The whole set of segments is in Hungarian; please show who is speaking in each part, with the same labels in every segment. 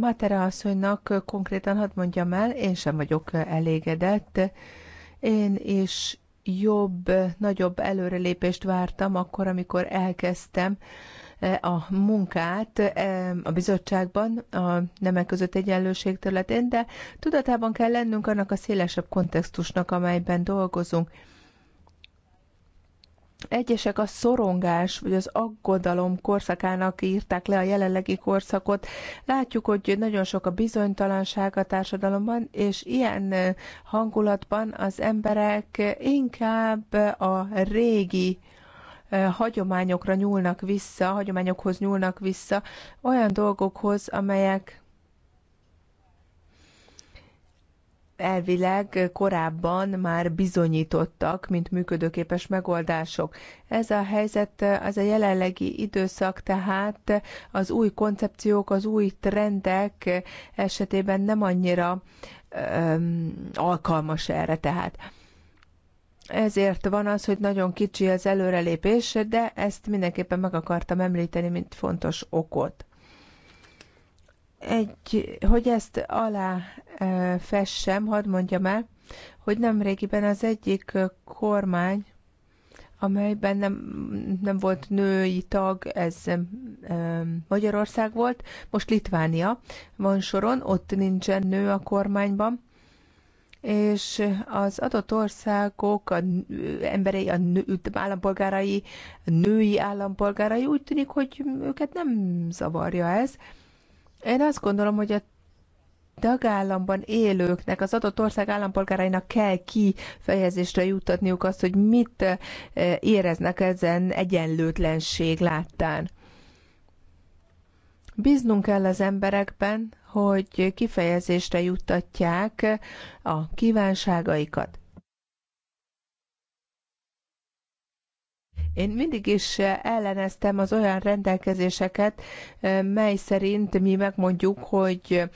Speaker 1: Matera asszonynak konkrétan hadd mondjam el, én sem vagyok elégedett. Én is jobb, nagyobb előrelépést vártam akkor, amikor elkezdtem eh, a munkát eh, a bizottságban, a nemek között egyenlőség területén, de tudatában kell lennünk annak a szélesebb kontextusnak, amelyben dolgozunk. Egyesek a szorongás vagy az aggodalom korszakának írták le a jelenlegi korszakot. Látjuk, hogy nagyon sok a bizonytalanság a társadalomban, és ilyen hangulatban az emberek inkább a régi eh, hagyományokra nyúlnak vissza, hagyományokhoz nyúlnak vissza, olyan dolgokhoz, amelyek elvileg korábban már bizonyítottak, mint működőképes megoldások. Ez a helyzet, az a jelenlegi időszak tehát az új koncepciók, az új trendek esetében nem annyira öm, alkalmas erre tehát. Ezért van az, hogy nagyon kicsi az előrelépés, de ezt mindenképpen meg akartam említeni, mint fontos okot egy, hogy ezt alá fessem, hadd mondjam el, hogy nemrégiben az egyik kormány, amelyben nem, nem volt női tag, ez Magyarország volt, most Litvánia van soron, ott nincsen nő a kormányban, és az adott országok a emberei, a nő, állampolgárai, a női állampolgárai úgy tűnik, hogy őket nem zavarja ez, én azt gondolom, hogy a tagállamban élőknek, az adott ország állampolgárainak kell kifejezésre juttatniuk azt, hogy mit eh, éreznek ezen egyenlőtlenség láttán. Bíznunk kell az emberekben, hogy kifejezésre juttatják a kívánságaikat. Én mindig is elleneztem az olyan rendelkezéseket, mely szerint mi megmondjuk, hogy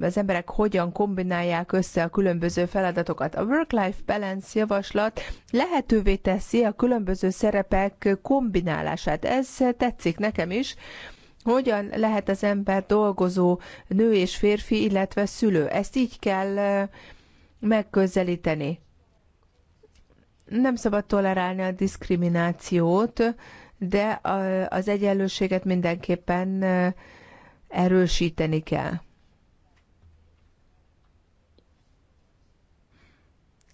Speaker 1: az emberek hogyan kombinálják össze a különböző feladatokat. A work-life balance javaslat lehetővé teszi a különböző szerepek kombinálását. Ez tetszik nekem is. Hogyan lehet az ember dolgozó nő és férfi, illetve szülő? Ezt így kell megközelíteni. Nem szabad tolerálni a diszkriminációt, de az egyenlőséget mindenképpen erősíteni kell.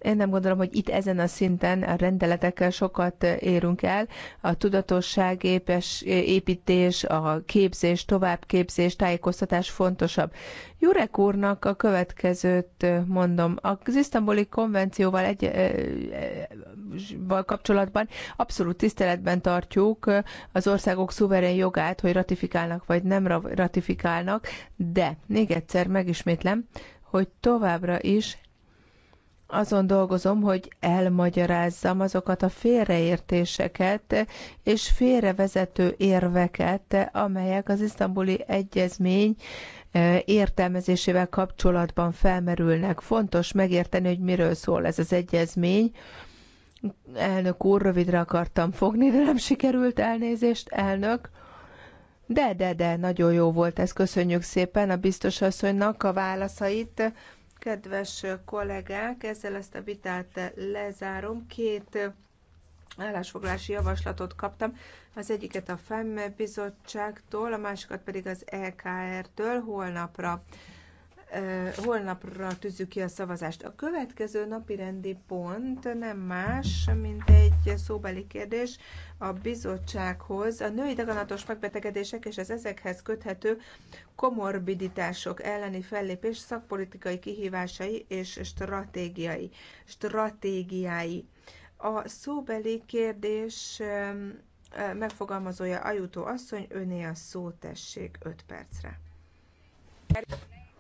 Speaker 1: Én nem gondolom, hogy itt ezen a szinten a rendeletekkel sokat eh, érünk el. A tudatosság épes, eh, építés, a képzés, továbbképzés, tájékoztatás fontosabb. Jurek úrnak a következőt eh, mondom. Az isztambuli konvencióval egy, kapcsolatban abszolút tiszteletben tartjuk az országok szuverén jogát, hogy ratifikálnak vagy nem ratifikálnak, de még egyszer megismétlem, hogy továbbra is azon dolgozom, hogy elmagyarázzam azokat a félreértéseket és félrevezető érveket, amelyek az isztambuli egyezmény e, értelmezésével kapcsolatban felmerülnek. Fontos megérteni, hogy miről szól ez az egyezmény. Elnök úr, rövidre akartam fogni, de nem sikerült elnézést, elnök. De, de, de, nagyon jó volt ez, köszönjük szépen a biztos asszonynak a válaszait. Kedves kollégák, ezzel ezt a vitát lezárom. Két állásfoglási javaslatot kaptam. Az egyiket a FEM bizottságtól, a másikat pedig az EKR-től holnapra holnapra tűzzük ki a szavazást. A következő napi rendi pont nem más, mint egy szóbeli kérdés a bizottsághoz. A női daganatos megbetegedések és az ezekhez köthető komorbiditások elleni fellépés szakpolitikai kihívásai és stratégiai. stratégiái. A szóbeli kérdés megfogalmazója Ajutó asszony, öné a szó tessék 5 percre.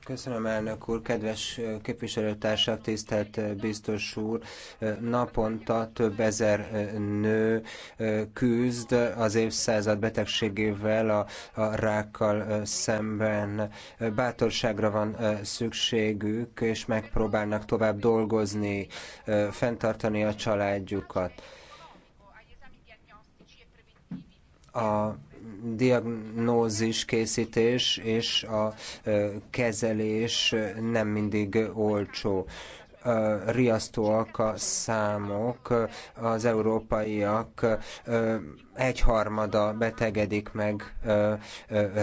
Speaker 2: Köszönöm, elnök úr, kedves képviselőtársak, tisztelt biztos úr. Naponta több ezer nő küzd az évszázad betegségével, a, a rákkal szemben. Bátorságra van szükségük, és megpróbálnak tovább dolgozni, fenntartani a családjukat. A diagnózis készítés és a kezelés nem mindig olcsó riasztóak a számok, az európaiak egyharmada betegedik meg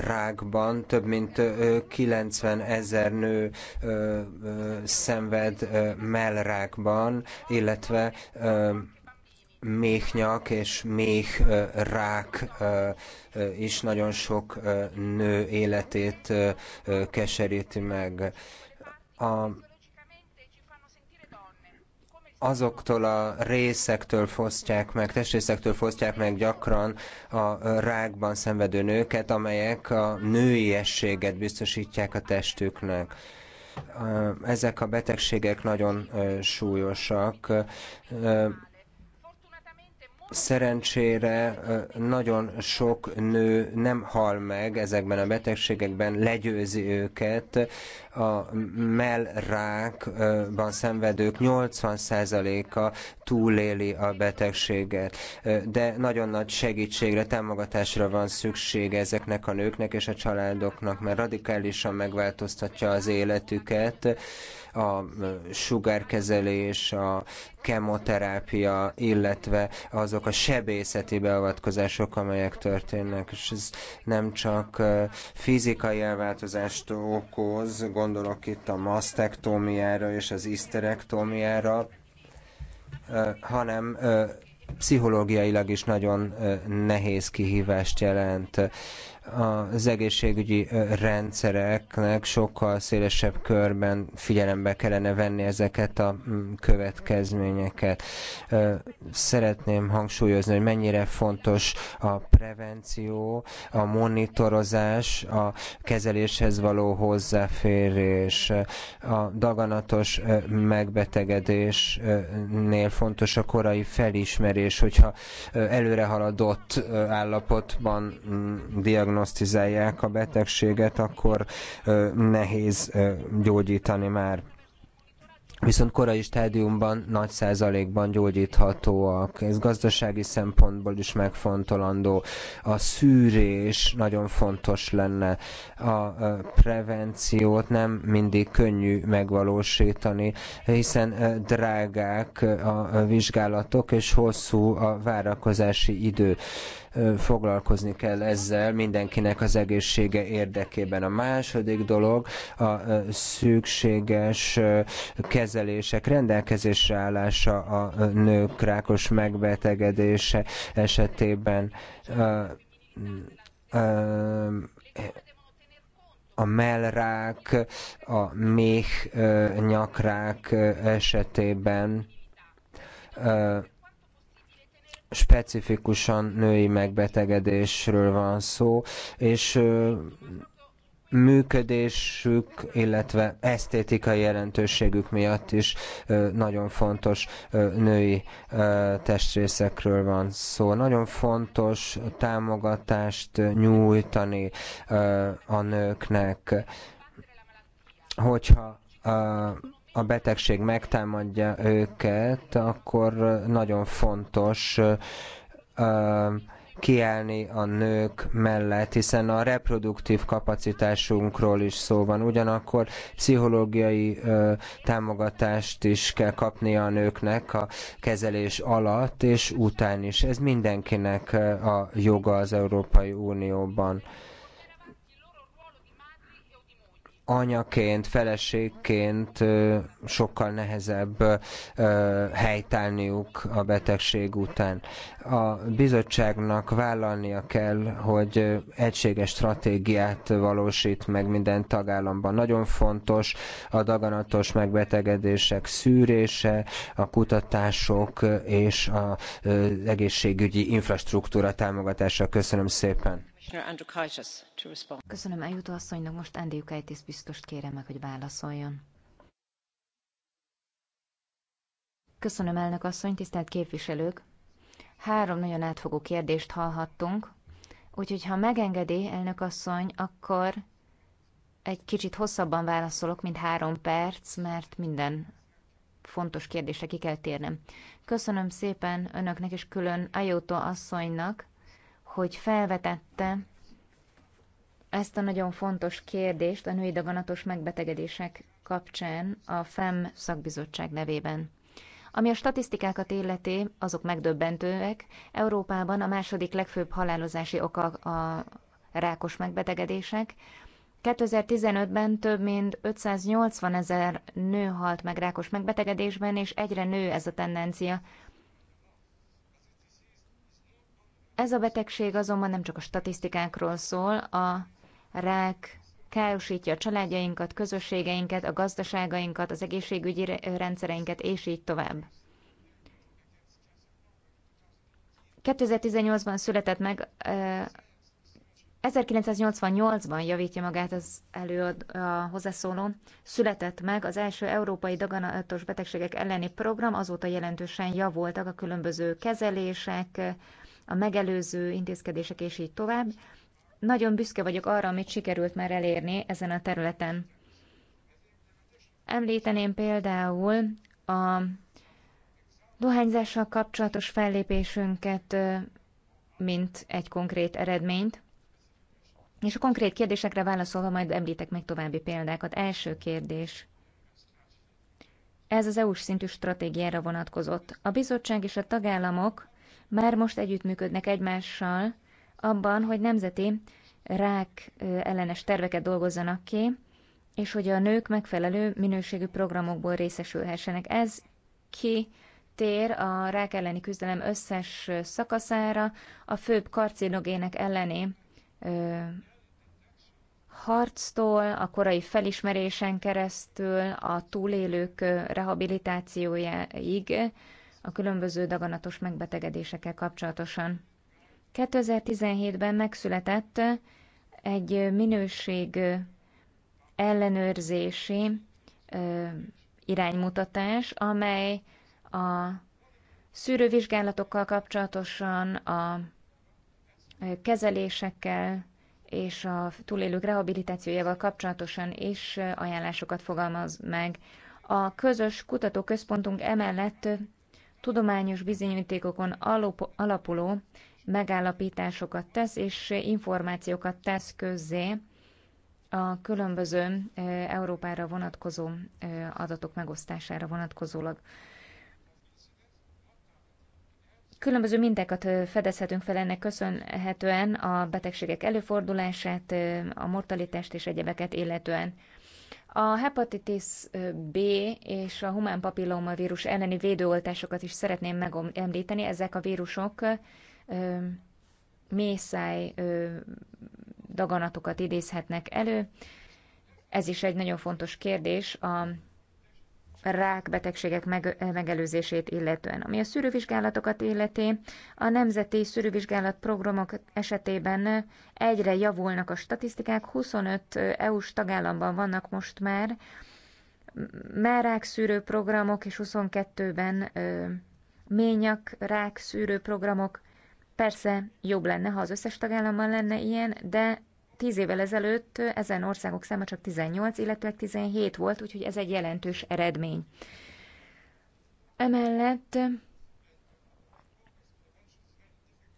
Speaker 2: rákban, több mint 90 ezer nő szenved mellrákban, illetve méhnyak és méh rák is nagyon sok nő életét keseríti meg. A, azoktól a részektől fosztják meg, testrészektől fosztják meg gyakran a rákban szenvedő nőket, amelyek a nőiességet biztosítják a testüknek ezek a betegségek nagyon súlyosak. Szerencsére nagyon sok nő nem hal meg ezekben a betegségekben, legyőzi őket. A mellrákban szenvedők 80%-a túléli a betegséget. De nagyon nagy segítségre, támogatásra van szükség ezeknek a nőknek és a családoknak, mert radikálisan megváltoztatja az életüket a sugárkezelés, a kemoterápia, illetve azok a sebészeti beavatkozások, amelyek történnek, és ez nem csak fizikai elváltozást okoz, gondolok itt a masztektómiára és az iszterektómiára, hanem pszichológiailag is nagyon nehéz kihívást jelent az egészségügyi rendszereknek sokkal szélesebb körben figyelembe kellene venni ezeket a következményeket. Szeretném hangsúlyozni, hogy mennyire fontos a prevenció, a monitorozás, a kezeléshez való hozzáférés, a daganatos megbetegedésnél fontos a korai felismerés, hogyha előrehaladott állapotban diagnózis diagnosztizálják a betegséget, akkor nehéz gyógyítani már viszont korai stádiumban nagy százalékban gyógyíthatóak. Ez gazdasági szempontból is megfontolandó. A szűrés nagyon fontos lenne. A prevenciót nem mindig könnyű megvalósítani, hiszen drágák a vizsgálatok és hosszú a várakozási idő foglalkozni kell ezzel mindenkinek az egészsége érdekében. A második dolog a szükséges kezelések rendelkezésre állása a nők rákos megbetegedése esetében a mellrák, a méh nyakrák esetében specifikusan női megbetegedésről van szó, és működésük, illetve esztétikai jelentőségük miatt is nagyon fontos női testrészekről van szó. Nagyon fontos támogatást nyújtani a nőknek, hogyha a betegség megtámadja őket, akkor nagyon fontos kiállni a nők mellett, hiszen a reproduktív kapacitásunkról is szó van. Ugyanakkor pszichológiai ö, támogatást is kell kapnia a nőknek a kezelés alatt és után is. Ez mindenkinek a joga az Európai Unióban anyaként, feleségként sokkal nehezebb helytállniuk a betegség után. A bizottságnak vállalnia kell, hogy egységes stratégiát valósít meg minden tagállamban. Nagyon fontos a daganatos megbetegedések szűrése, a kutatások és az egészségügyi infrastruktúra támogatása. Köszönöm szépen!
Speaker 3: Köszönöm eljutó asszonynak, most Andriukaitis biztost kérem meg, hogy válaszoljon. Köszönöm elnök asszony, tisztelt képviselők! Három nagyon átfogó kérdést hallhattunk, úgyhogy ha megengedi, elnök asszony, akkor egy kicsit hosszabban válaszolok, mint három perc, mert minden fontos kérdésre ki kell térnem. Köszönöm szépen önöknek és külön Ajótó asszonynak, hogy felvetette ezt a nagyon fontos kérdést a női daganatos megbetegedések kapcsán a FEM szakbizottság nevében. Ami a statisztikákat illeti, azok megdöbbentőek. Európában a második legfőbb halálozási oka a rákos megbetegedések. 2015-ben több mint 580 ezer nő halt meg rákos megbetegedésben, és egyre nő ez a tendencia Ez a betegség azonban nem csak a statisztikákról szól, a rák károsítja a családjainkat, közösségeinket, a gazdaságainkat, az egészségügyi rendszereinket, és így tovább. 2018-ban született meg, 1988-ban javítja magát az előad a hozzászóló, született meg az első európai daganatos betegségek elleni program, azóta jelentősen javultak a különböző kezelések, a megelőző intézkedések és így tovább. Nagyon büszke vagyok arra, amit sikerült már elérni ezen a területen. Említeném például a dohányzással kapcsolatos fellépésünket, mint egy konkrét eredményt. És a konkrét kérdésekre válaszolva majd említek meg további példákat. Első kérdés. Ez az EU-s szintű stratégiára vonatkozott. A bizottság és a tagállamok már most együttműködnek egymással abban, hogy nemzeti rák ellenes terveket dolgozzanak ki, és hogy a nők megfelelő minőségű programokból részesülhessenek. Ez ki tér a rák elleni küzdelem összes szakaszára, a főbb karcinogének elleni ö, harctól, a korai felismerésen keresztül, a túlélők rehabilitációjáig, a különböző daganatos megbetegedésekkel kapcsolatosan. 2017-ben megszületett egy minőség ellenőrzési iránymutatás, amely a szűrővizsgálatokkal kapcsolatosan, a kezelésekkel és a túlélők rehabilitációjával kapcsolatosan is ajánlásokat fogalmaz meg. A közös kutatóközpontunk emellett tudományos bizonyítékokon alapuló megállapításokat tesz, és információkat tesz közzé a különböző Európára vonatkozó adatok megosztására vonatkozólag. Különböző mintákat fedezhetünk fel ennek köszönhetően a betegségek előfordulását, a mortalitást és egyebeket illetően. A hepatitis B és a humán papillomavírus elleni védőoltásokat is szeretném megemlíteni. Ezek a vírusok mészáj daganatokat idézhetnek elő. Ez is egy nagyon fontos kérdés a rákbetegségek meg, megelőzését illetően. Ami a szűrővizsgálatokat illeti, a nemzeti szűrővizsgálat programok esetében egyre javulnak a statisztikák, 25 EU-s tagállamban vannak most már, már rákszűrő programok, és 22-ben ményak rákszűrő programok. Persze jobb lenne, ha az összes tagállamban lenne ilyen, de Tíz évvel ezelőtt ezen országok száma csak 18, illetve 17 volt, úgyhogy ez egy jelentős eredmény. Emellett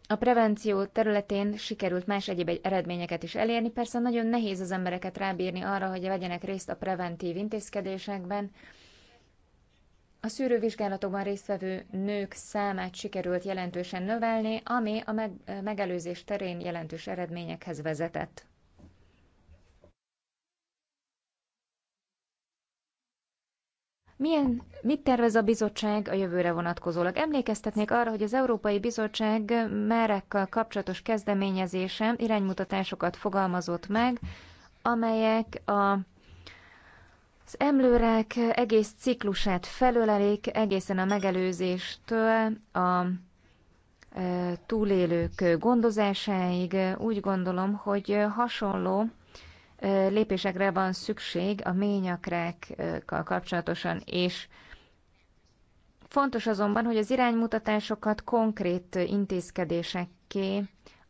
Speaker 3: a prevenció területén sikerült más egyéb eredményeket is elérni. Persze nagyon nehéz az embereket rábírni arra, hogy vegyenek részt a preventív intézkedésekben. A szűrővizsgálatokban résztvevő nők számát sikerült jelentősen növelni, ami a megelőzés terén jelentős eredményekhez vezetett. Milyen, mit tervez a bizottság a jövőre vonatkozólag? Emlékeztetnék arra, hogy az Európai Bizottság márekkal kapcsolatos kezdeményezése iránymutatásokat fogalmazott meg, amelyek a az emlőrák egész ciklusát felölelik, egészen a megelőzéstől a e, túlélők gondozásáig. Úgy gondolom, hogy hasonló lépésekre van szükség a ményakrákkal kapcsolatosan, és fontos azonban, hogy az iránymutatásokat konkrét intézkedésekké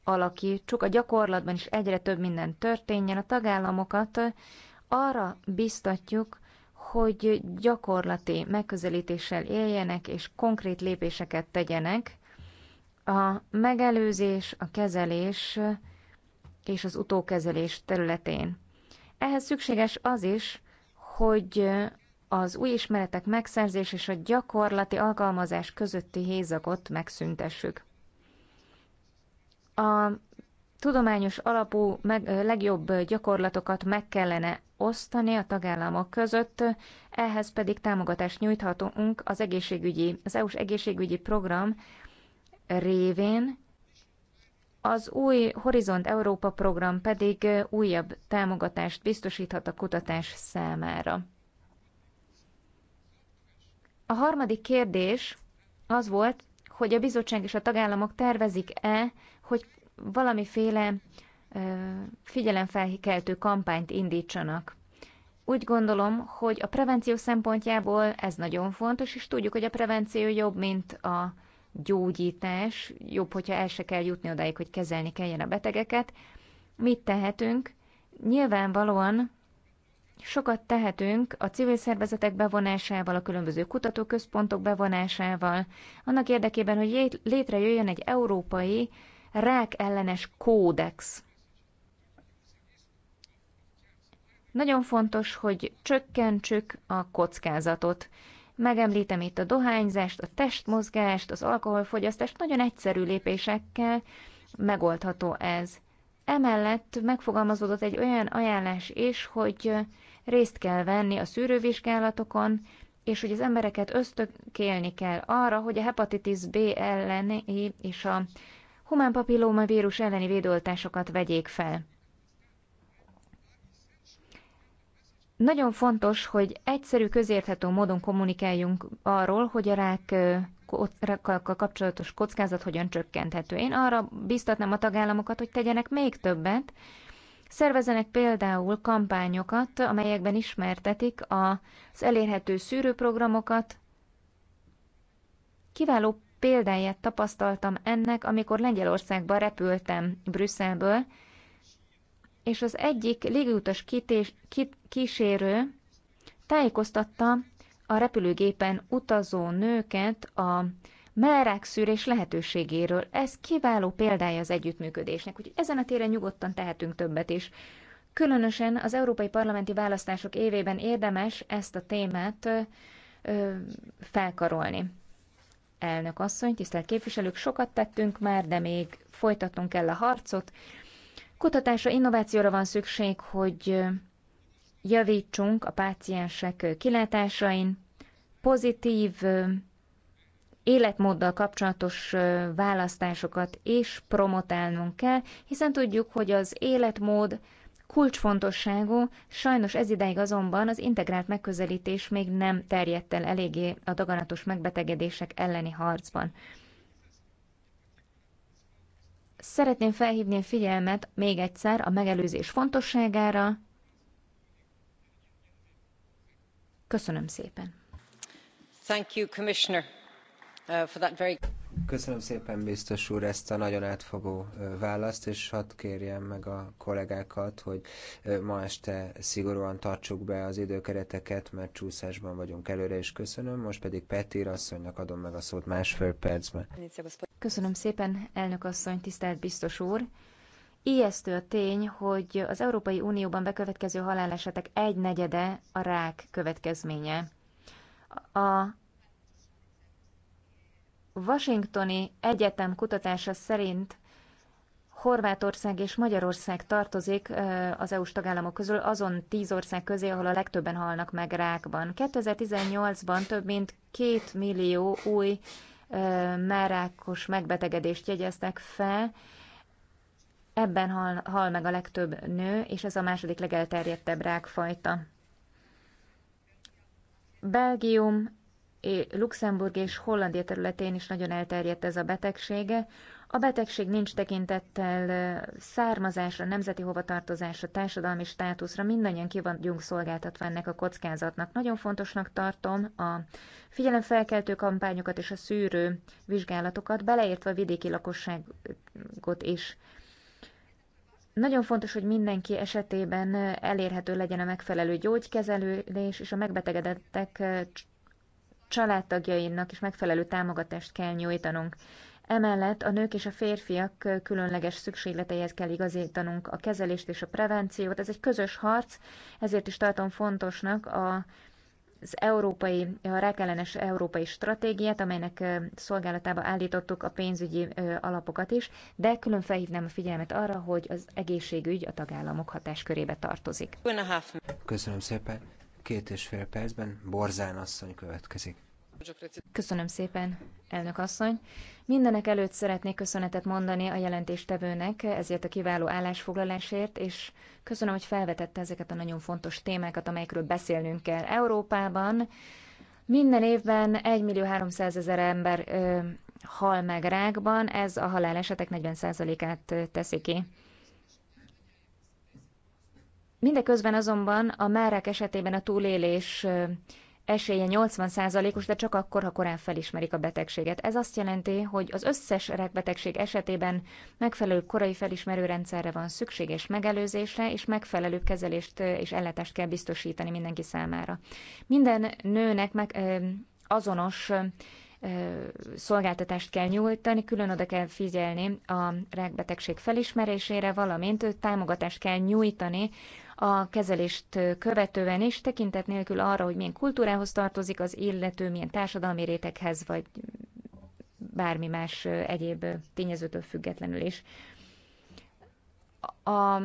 Speaker 3: alakítsuk, a gyakorlatban is egyre több minden történjen, a tagállamokat arra biztatjuk, hogy gyakorlati megközelítéssel éljenek és konkrét lépéseket tegyenek. A megelőzés, a kezelés és az utókezelés területén. Ehhez szükséges az is, hogy az új ismeretek megszerzés és a gyakorlati alkalmazás közötti hézagot megszüntessük. A tudományos alapú meg, legjobb gyakorlatokat meg kellene osztani a tagállamok között, ehhez pedig támogatást nyújthatunk az egészségügyi, az EU-s egészségügyi program révén, az új Horizont Európa program pedig újabb támogatást biztosíthat a kutatás számára. A harmadik kérdés az volt, hogy a bizottság és a tagállamok tervezik-e, hogy valamiféle figyelemfelkeltő kampányt indítsanak. Úgy gondolom, hogy a prevenció szempontjából ez nagyon fontos, és tudjuk, hogy a prevenció jobb, mint a gyógyítás, jobb, hogyha el se kell jutni odáig, hogy kezelni kelljen a betegeket. Mit tehetünk? Nyilvánvalóan sokat tehetünk a civil szervezetek bevonásával, a különböző kutatóközpontok bevonásával, annak érdekében, hogy létrejöjjön egy európai rák ellenes kódex. Nagyon fontos, hogy csökkentsük a kockázatot. Megemlítem itt a dohányzást, a testmozgást, az alkoholfogyasztást, nagyon egyszerű lépésekkel megoldható ez. Emellett megfogalmazódott egy olyan ajánlás is, hogy részt kell venni a szűrővizsgálatokon, és hogy az embereket ösztökélni kell arra, hogy a hepatitis B elleni és a humán papillomavírus vírus elleni védőoltásokat vegyék fel. Nagyon fontos, hogy egyszerű, közérthető módon kommunikáljunk arról, hogy a rák rákkal kapcsolatos kockázat hogyan csökkenthető. Én arra biztatnám a tagállamokat, hogy tegyenek még többet, Szervezenek például kampányokat, amelyekben ismertetik az elérhető szűrőprogramokat. Kiváló példáját tapasztaltam ennek, amikor Lengyelországba repültem Brüsszelből, és az egyik légiutas kités, kit, kísérő tájékoztatta a repülőgépen utazó nőket a melrekszűrés lehetőségéről. Ez kiváló példája az együttműködésnek, úgyhogy ezen a téren nyugodtan tehetünk többet is. Különösen az európai parlamenti választások évében érdemes ezt a témát ö, felkarolni. Elnök asszony, tisztelt képviselők, sokat tettünk már, de még folytatnunk kell a harcot. Kutatásra, innovációra van szükség, hogy javítsunk a páciensek kilátásain, pozitív életmóddal kapcsolatos választásokat is promotálnunk kell, hiszen tudjuk, hogy az életmód kulcsfontosságú, sajnos ez ideig azonban az integrált megközelítés még nem terjedt el eléggé a daganatos megbetegedések elleni harcban. Szeretném felhívni a figyelmet még egyszer a megelőzés fontosságára. Köszönöm szépen. Thank you, Commissioner, uh, for that very...
Speaker 2: Köszönöm szépen, biztos úr, ezt a nagyon átfogó választ, és hadd kérjem meg a kollégákat, hogy ma este szigorúan tartsuk be az időkereteket, mert csúszásban vagyunk előre, és köszönöm. Most pedig Petir asszonynak adom
Speaker 3: meg a szót másfél percben. Köszönöm szépen, elnök asszony, tisztelt biztos úr. Ijesztő a tény, hogy az Európai Unióban bekövetkező halálesetek egy negyede a rák következménye. A Washingtoni Egyetem kutatása szerint Horvátország és Magyarország tartozik az EU-s tagállamok közül azon tíz ország közé, ahol a legtöbben halnak meg rákban. 2018-ban több mint két millió új márákos megbetegedést jegyeztek fel, ebben hal, hal meg a legtöbb nő, és ez a második legelterjedtebb rákfajta. Belgium, Luxemburg és Hollandia területén is nagyon elterjedt ez a betegsége. A betegség nincs tekintettel származásra, nemzeti hovatartozásra, társadalmi státuszra, mindannyian ki vagyunk szolgáltatva ennek a kockázatnak. Nagyon fontosnak tartom a figyelemfelkeltő kampányokat és a szűrő vizsgálatokat, beleértve a vidéki lakosságot is. Nagyon fontos, hogy mindenki esetében elérhető legyen a megfelelő gyógykezelés, és a megbetegedettek családtagjainak is megfelelő támogatást kell nyújtanunk. Emellett a nők és a férfiak különleges szükségleteihez kell igazítanunk a kezelést és a prevenciót. Ez egy közös harc, ezért is tartom fontosnak a az európai, a rákellenes európai stratégiát, amelynek szolgálatába állítottuk a pénzügyi alapokat is, de külön felhívnám a figyelmet arra, hogy az egészségügy a tagállamok hatáskörébe tartozik. Köszönöm szépen. Két és fél percben Borzán asszony következik. Köszönöm szépen, elnök asszony. Mindenek előtt szeretnék köszönetet mondani a jelentéstevőnek ezért a kiváló állásfoglalásért, és köszönöm, hogy felvetette ezeket a nagyon fontos témákat, amelyekről beszélnünk kell Európában. Minden évben 1 millió 300 ezer ember ö, hal meg rákban, ez a halálesetek 40%-át teszi ki. Mindeközben azonban a márák esetében a túlélés esélye 80%-os, de csak akkor, ha korán felismerik a betegséget. Ez azt jelenti, hogy az összes rákbetegség esetében megfelelő korai felismerő rendszerre van szükség és megelőzésre, és megfelelő kezelést és ellátást kell biztosítani mindenki számára. Minden nőnek meg, azonos szolgáltatást kell nyújtani, külön oda kell figyelni a rákbetegség felismerésére, valamint támogatást kell nyújtani a kezelést követően is, tekintet nélkül arra, hogy milyen kultúrához tartozik az illető, milyen társadalmi réteghez, vagy bármi más egyéb tényezőtől függetlenül is. A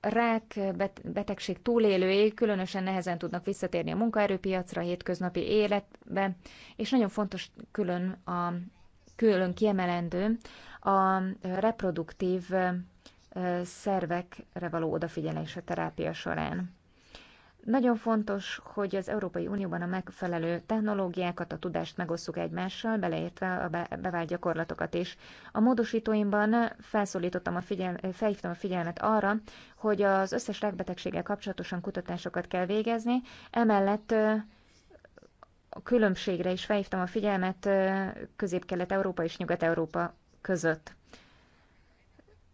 Speaker 3: rák betegség túlélői különösen nehezen tudnak visszatérni a munkaerőpiacra, a hétköznapi életbe, és nagyon fontos külön a külön kiemelendő a reproduktív szervekre való odafigyelés a terápia során. Nagyon fontos, hogy az Európai Unióban a megfelelő technológiákat, a tudást megosszuk egymással, beleértve a bevált gyakorlatokat is. A módosítóimban felszólítottam a figyel, felhívtam a figyelmet arra, hogy az összes rákbetegséggel kapcsolatosan kutatásokat kell végezni, emellett a különbségre is felhívtam a figyelmet Közép-Kelet-Európa és Nyugat-Európa között.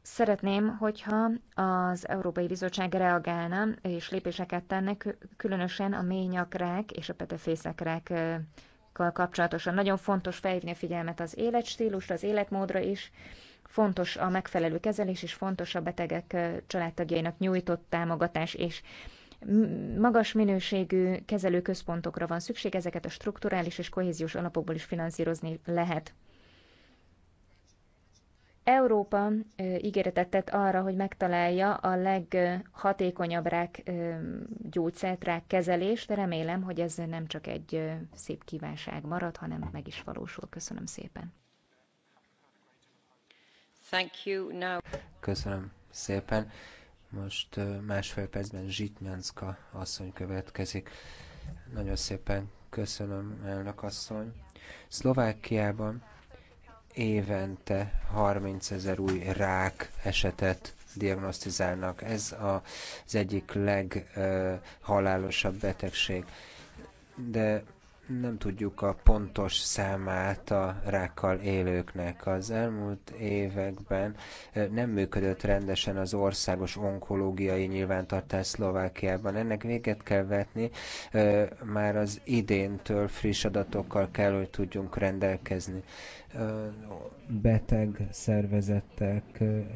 Speaker 3: Szeretném, hogyha az Európai Bizottság reagálna és lépéseket tenne, különösen a ményakrák és a petefészekrák kapcsolatosan. Nagyon fontos felhívni a figyelmet az életstílusra, az életmódra is, fontos a megfelelő kezelés, és fontos a betegek családtagjainak nyújtott támogatás, és magas minőségű kezelőközpontokra van szükség, ezeket a strukturális és kohéziós alapokból is finanszírozni lehet. Európa ígéretet tett arra, hogy megtalálja a leghatékonyabb rák gyógyszert, rák kezelést. Remélem, hogy ez nem csak egy szép kívánság marad, hanem meg is valósul. Köszönöm szépen. Thank you. Now...
Speaker 2: Köszönöm szépen. Most másfél percben Zsitnyánszka asszony következik. Nagyon szépen köszönöm, elnök asszony. Szlovákiában évente 30 ezer új rák esetet diagnosztizálnak. Ez az egyik leghalálosabb betegség. De nem tudjuk a pontos számát a rákkal élőknek. Az elmúlt években nem működött rendesen az országos onkológiai nyilvántartás Szlovákiában. Ennek véget kell vetni, már az idéntől friss adatokkal kell, hogy tudjunk rendelkezni. Beteg szervezetek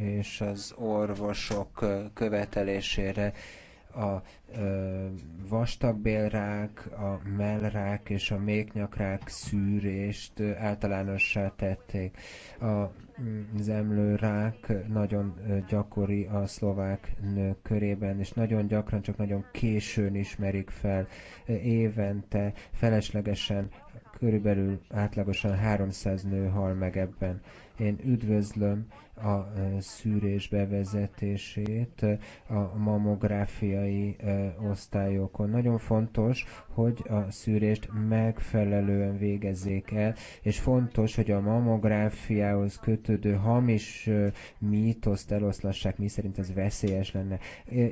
Speaker 2: és az orvosok követelésére a vastagbélrák, a mellrák és a méknyakrák szűrést általánossá tették. A mm, zemlőrák nagyon gyakori a szlovák nők körében, és nagyon gyakran csak nagyon későn ismerik fel évente, feleslegesen körülbelül átlagosan 300 nő hal meg ebben. Én üdvözlöm a e, szűrés bevezetését e, a mamográfiai e, osztályokon. Nagyon fontos, hogy a szűrést megfelelően végezzék el, és fontos, hogy a mamográfiához kötődő hamis mítoszt eloszlassák, mi szerint ez veszélyes lenne.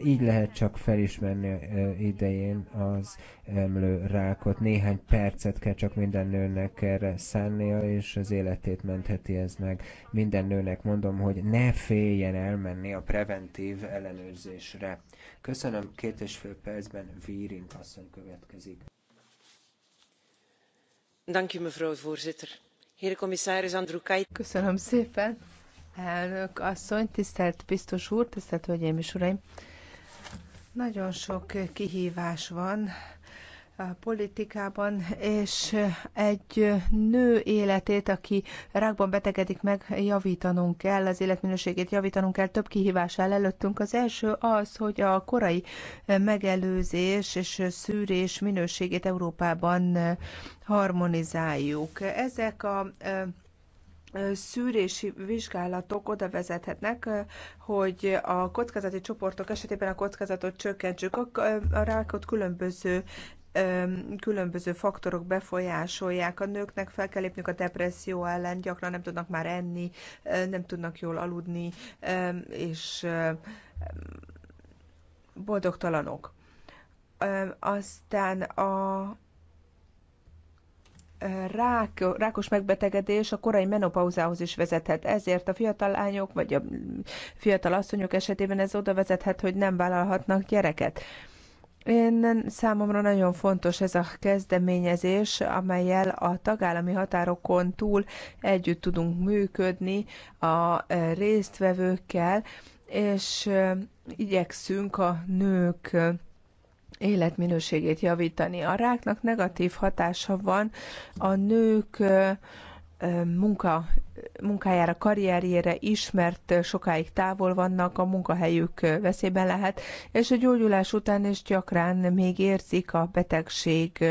Speaker 2: Így lehet csak felismerni idején az emlő rákot. Néhány percet kell csak minden nőnek erre szánnia, és az életét mentheti ez meg meg. Minden nőnek mondom, hogy ne féljen elmenni a preventív ellenőrzésre. Köszönöm, két és fél percben Víring asszony következik.
Speaker 1: Dank u, mevrouw voorzitter. Heer commissaris Andrukait. Köszönöm szépen, elnök asszony, tisztelt biztos úr, tisztelt hölgyeim és uraim. Nagyon sok kihívás van politikában, és egy nő életét, aki rákban betegedik meg, javítanunk kell, az életminőségét javítanunk kell, több kihívás áll előttünk. Az első az, hogy a korai megelőzés és szűrés minőségét Európában harmonizáljuk. Ezek a szűrési vizsgálatok oda vezethetnek, hogy a kockázati csoportok esetében a kockázatot csökkentsük. A rákot különböző különböző faktorok befolyásolják a nőknek, fel kell lépniük a depresszió ellen, gyakran nem tudnak már enni, nem tudnak jól aludni, és boldogtalanok. Aztán a rák, rákos megbetegedés a korai menopauzához is vezethet. Ezért a fiatal lányok vagy a fiatal asszonyok esetében ez oda vezethet, hogy nem vállalhatnak gyereket. Um, én számomra nagyon fontos ez a kezdeményezés, amelyel a tagállami határokon túl együtt tudunk működni a e, résztvevőkkel, és e, igyekszünk a nők életminőségét javítani. A ráknak negatív hatása van a nők e, munka munkájára, karrierjére is, mert sokáig távol vannak, a munkahelyük veszélyben lehet, és a gyógyulás után is gyakran még érzik a betegség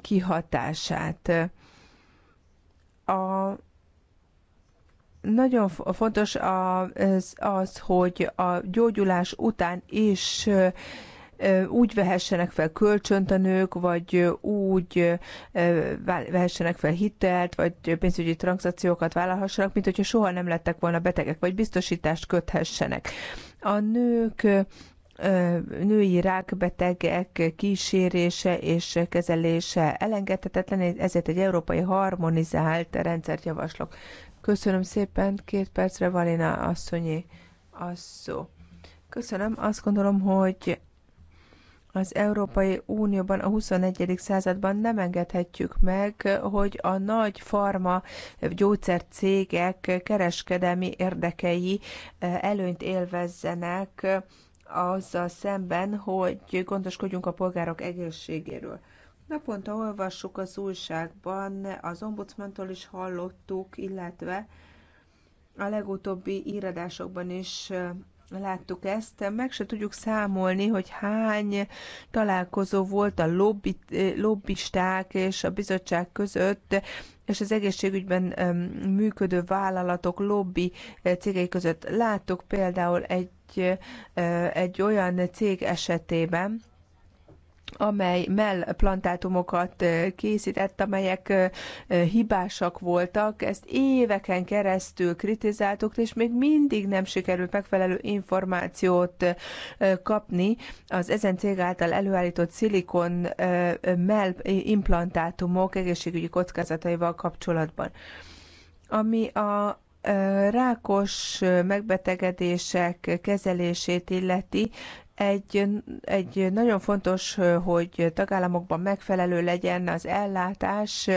Speaker 1: kihatását. A nagyon fontos az, az, hogy a gyógyulás után is úgy vehessenek fel kölcsönt a nők, vagy úgy vehessenek fel hitelt, vagy pénzügyi tranzakciókat vállalhassanak, mint hogyha soha nem lettek volna betegek, vagy biztosítást köthessenek. A nők női rákbetegek kísérése és kezelése elengedhetetlen, ezért egy európai harmonizált rendszert javaslok. Köszönöm szépen, két percre Valina asszonyi asszó. Köszönöm, azt gondolom, hogy az Európai Unióban a 21. században nem engedhetjük meg, hogy a nagy farma gyógyszercégek kereskedelmi érdekei eh, előnyt élvezzenek azzal szemben, hogy gondoskodjunk a polgárok egészségéről. Naponta olvassuk az újságban, az ombudsmantól is hallottuk, illetve a legutóbbi íradásokban is eh, láttuk ezt, meg se tudjuk számolni, hogy hány találkozó volt a lobby, lobbisták és a bizottság között, és az egészségügyben működő vállalatok lobby eh, cégei között. Láttuk például egy, eh, egy olyan cég esetében, amely mellplantátumokat készített, amelyek hibásak voltak. Ezt éveken keresztül kritizáltuk, és még mindig nem sikerült megfelelő információt kapni az ezen cég által előállított szilikon mellimplantátumok egészségügyi kockázataival kapcsolatban. Ami a rákos megbetegedések kezelését illeti, egy, egy nagyon fontos, hogy tagállamokban megfelelő legyen az ellátás,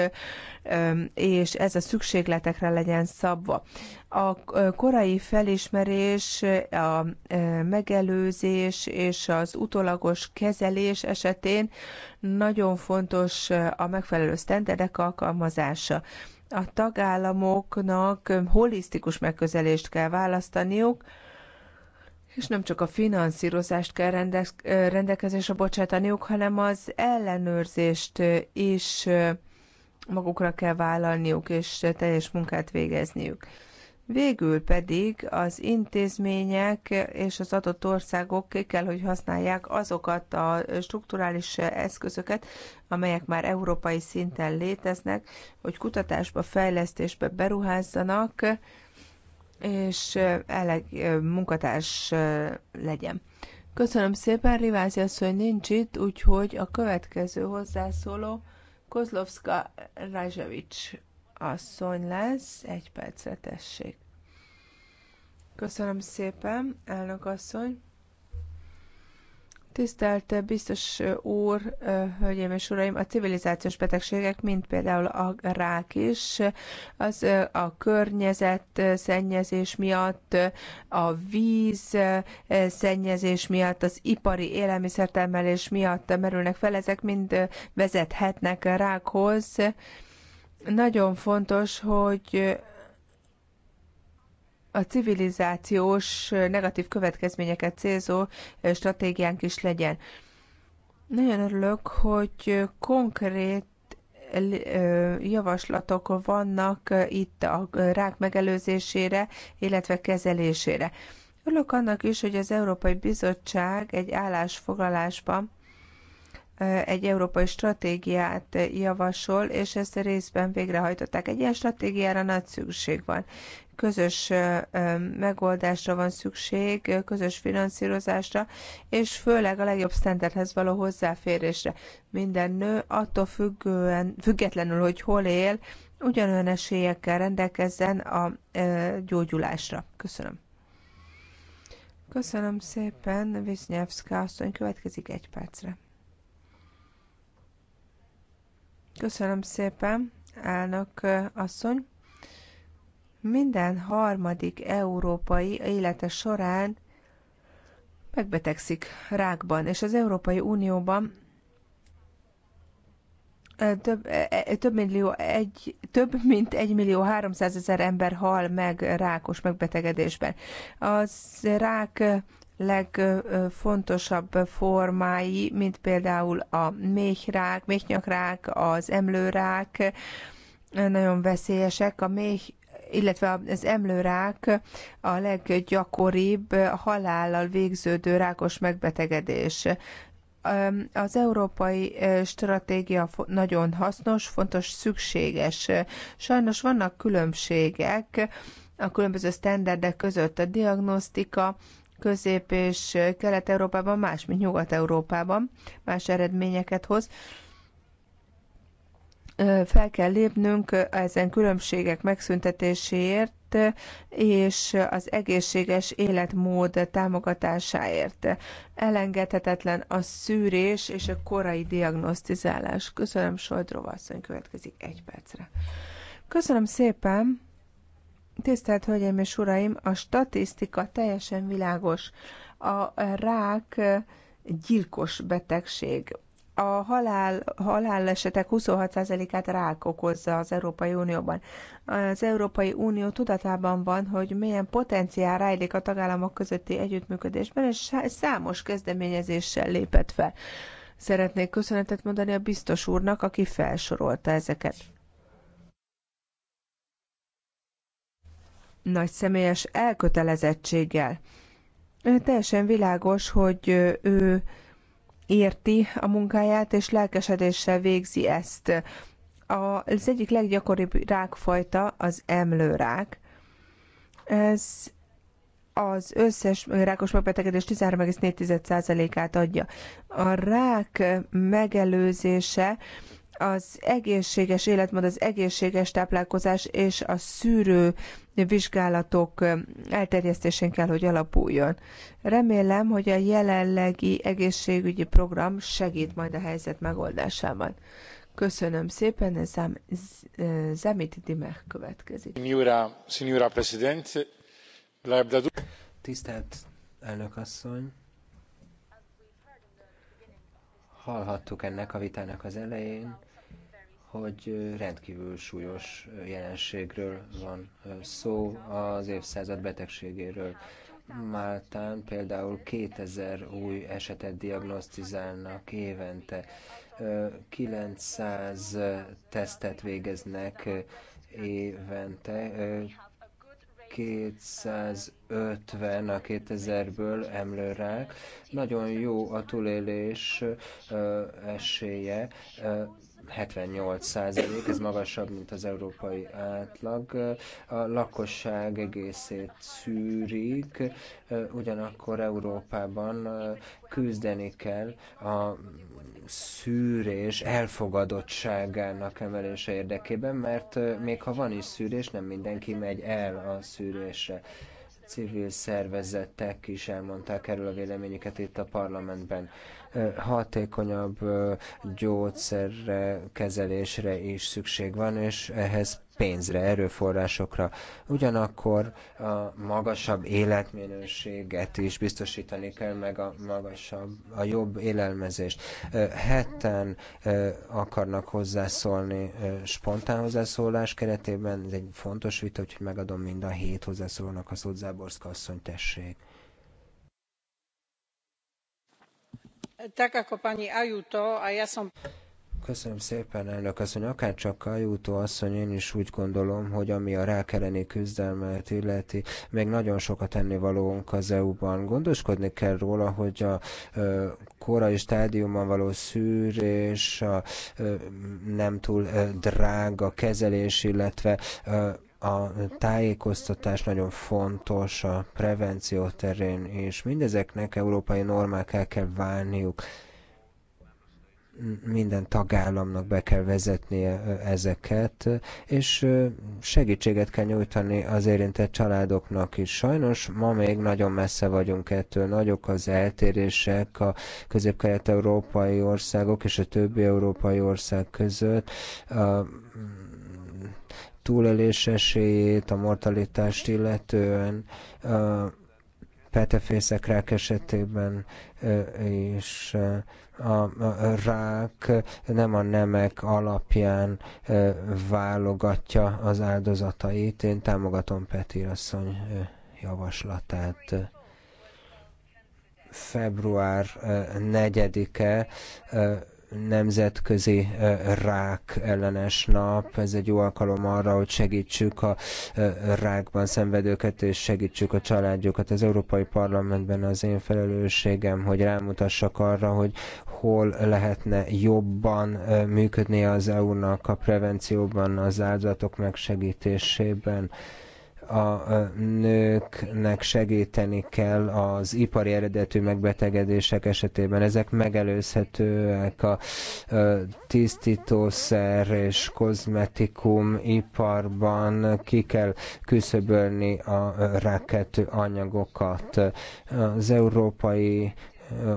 Speaker 1: és ez a szükségletekre legyen szabva. A korai felismerés, a megelőzés és az utolagos kezelés esetén nagyon fontos a megfelelő sztenderek alkalmazása. A tagállamoknak holisztikus megközelést kell választaniuk, és nem csak a finanszírozást kell rendelkezésre bocsátaniuk, hanem az ellenőrzést is magukra kell vállalniuk, és teljes munkát végezniük. Végül pedig az intézmények és az adott országok ki kell, hogy használják azokat a strukturális eszközöket, amelyek már európai szinten léteznek, hogy kutatásba, fejlesztésbe beruházzanak, és eleg, munkatárs legyen. Köszönöm szépen, Rivázi asszony nincs itt, úgyhogy a következő hozzászóló Kozlovska Rajzsevics asszony lesz. Egy percre tessék. Köszönöm szépen, elnök asszony. Tisztelt eh, biztos eh, úr, eh, hölgyeim és uraim, a civilizációs betegségek, mint például a rák is, az a környezet szennyezés miatt, a víz szennyezés miatt, az ipari élelmiszertermelés miatt merülnek fel, ezek mind vezethetnek rákhoz. Nagyon fontos, hogy a civilizációs negatív következményeket célzó stratégiánk is legyen. Nagyon örülök, hogy konkrét javaslatok vannak itt a rák megelőzésére, illetve kezelésére. Örülök annak is, hogy az Európai Bizottság egy állásfoglalásban egy európai stratégiát javasol, és ezt részben végrehajtották. Egy ilyen stratégiára nagy szükség van közös megoldásra van szükség, közös finanszírozásra, és főleg a legjobb standardhez való hozzáférésre. Minden nő attól függően, függetlenül, hogy hol él, ugyanolyan esélyekkel rendelkezzen a gyógyulásra. Köszönöm. Köszönöm szépen, Visznyevszka asszony következik egy percre. Köszönöm szépen, elnök asszony minden harmadik európai élete során megbetegszik rákban, és az Európai Unióban több, több, millió egy, több mint 1 millió 300 ezer ember hal meg rákos megbetegedésben. Az rák legfontosabb formái, mint például a méhrák, méhnyakrák, az emlőrák, nagyon veszélyesek. A méh illetve az emlőrák a leggyakoribb halállal végződő rákos megbetegedés. Az európai stratégia nagyon hasznos, fontos, szükséges. Sajnos vannak különbségek a különböző sztenderdek között. A diagnosztika közép- és kelet-európában más, mint nyugat-európában, más eredményeket hoz fel kell lépnünk ezen különbségek megszüntetéséért, és az egészséges életmód támogatásáért. Elengedhetetlen a szűrés és a korai diagnosztizálás. Köszönöm, Soldrova asszony következik egy percre. Köszönöm szépen! Tisztelt Hölgyeim és Uraim, a statisztika teljesen világos. A rák gyilkos betegség a halál, halálesetek 26%-át rák okozza az Európai Unióban. Az Európai Unió tudatában van, hogy milyen potenciál rejlik a tagállamok közötti együttműködésben, és számos kezdeményezéssel lépett fel. Szeretnék köszönetet mondani a biztos úrnak, aki felsorolta ezeket. Nagy személyes elkötelezettséggel. Teljesen világos, hogy ő érti a munkáját, és lelkesedéssel végzi ezt. Az egyik leggyakoribb rákfajta az emlőrák. Ez az összes rákos megbetegedés 13,4%-át adja. A rák megelőzése az egészséges életmód, az egészséges táplálkozás és a szűrő vizsgálatok elterjesztésén kell, hogy alapuljon. Remélem, hogy a jelenlegi egészségügyi program segít majd a helyzet megoldásában. Köszönöm szépen, Zem, Zemit Dimech következik.
Speaker 3: Signora, signora Presidente,
Speaker 2: Tisztelt elnök asszony, hallhattuk ennek a vitának az elején, hogy rendkívül súlyos jelenségről van szó, az évszázad betegségéről. Máltán például 2000 új esetet diagnosztizálnak évente, 900 tesztet végeznek évente, 250 a 2000-ből emlőrák. Nagyon jó a túlélés esélye, 78 százalék, ez magasabb, mint az európai átlag. A lakosság egészét szűrik, ugyanakkor Európában küzdeni kell a szűrés elfogadottságának emelése érdekében, mert még ha van is szűrés, nem mindenki megy el a szűrésre civil szervezetek is elmondták erről a véleményüket itt a parlamentben. Hatékonyabb gyógyszerre, kezelésre is szükség van, és ehhez pénzre, erőforrásokra. Ugyanakkor a magasabb életminőséget is biztosítani kell, meg a magasabb, a jobb élelmezést. Heten akarnak hozzászólni spontán hozzászólás keretében, ez egy fontos vita, úgyhogy megadom mind a hét hozzászólónak a szót Záborszka asszony, tessék.
Speaker 1: Tak ako pani Ajuto, a ja som...
Speaker 2: Köszönöm szépen, elnök asszony. Akárcsak Kajútó asszony, én is úgy gondolom, hogy ami a rák elleni küzdelmet illeti, még nagyon sokat tennivalónk az EU-ban. Gondoskodni kell róla, hogy a ö, korai stádiumban való szűrés, a ö, nem túl ö, drága kezelés, illetve ö, a tájékoztatás nagyon fontos a prevenció terén, és mindezeknek európai normák el kell válniuk minden tagállamnak be kell vezetnie ezeket, és segítséget kell nyújtani az érintett családoknak is. Sajnos ma még nagyon messze vagyunk ettől, nagyok az eltérések a közép-kelet-európai országok és a többi európai ország között. A mm, túlélés esélyét, a mortalitást illetően petefészek rák esetében is a rák nem a nemek alapján válogatja az áldozatait. Én támogatom Peti asszony javaslatát február 4-e nemzetközi rák ellenes nap. Ez egy jó alkalom arra, hogy segítsük a rákban szenvedőket, és segítsük a családjukat. Az Európai Parlamentben az én felelősségem, hogy rámutassak arra, hogy hol lehetne jobban működni az EU-nak a prevencióban, az áldozatok megsegítésében a nőknek segíteni kell az ipari eredetű megbetegedések esetében. Ezek megelőzhetőek a tisztítószer és kozmetikum iparban ki kell küszöbölni a rákkeltő anyagokat. Az Európai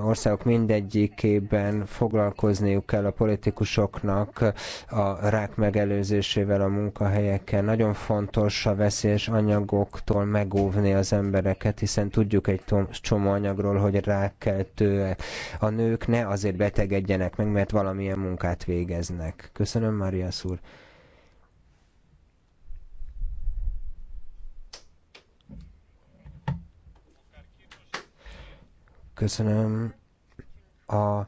Speaker 2: országok mindegyikében foglalkozniuk kell a politikusoknak a rák megelőzésével a munkahelyeken. Nagyon fontos a veszélyes anyagoktól megóvni az embereket, hiszen tudjuk egy csomó anyagról, hogy rákkeltőek. A nők ne azért betegedjenek meg, mert valamilyen munkát végeznek. Köszönöm, Mária úr. Köszönöm. A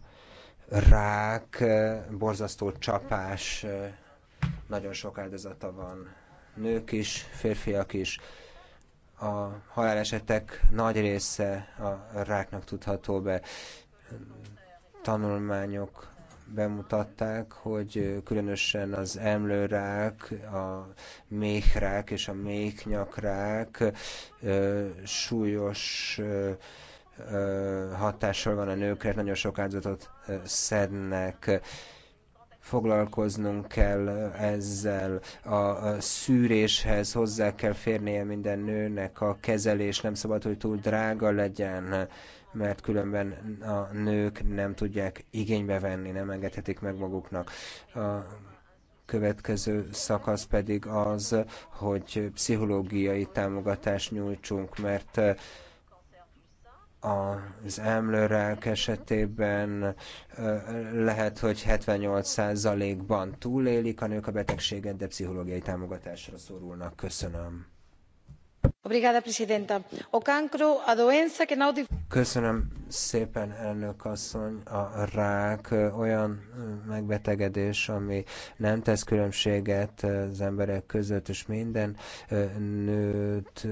Speaker 2: rák eh, borzasztó csapás, eh, nagyon sok áldozata van. Nők is, férfiak is. A halálesetek nagy része a ráknak tudható be. Tanulmányok bemutatták, hogy eh, különösen az emlőrák, a méhrák és a méhnyakrák súlyos hatással van a nőkre, nagyon sok áldozatot szednek foglalkoznunk kell ezzel, a szűréshez hozzá kell férnie minden nőnek, a kezelés nem szabad, hogy túl drága legyen, mert különben a nők nem tudják igénybe venni, nem engedhetik meg maguknak. A következő szakasz pedig az, hogy pszichológiai támogatást nyújtsunk, mert az emlőrák esetében lehet, hogy 78%-ban túlélik a nők a betegséget, de pszichológiai támogatásra szorulnak. Köszönöm. Köszönöm szépen, elnök asszony. A rák olyan megbetegedés, ami nem tesz különbséget az emberek között, és minden nőt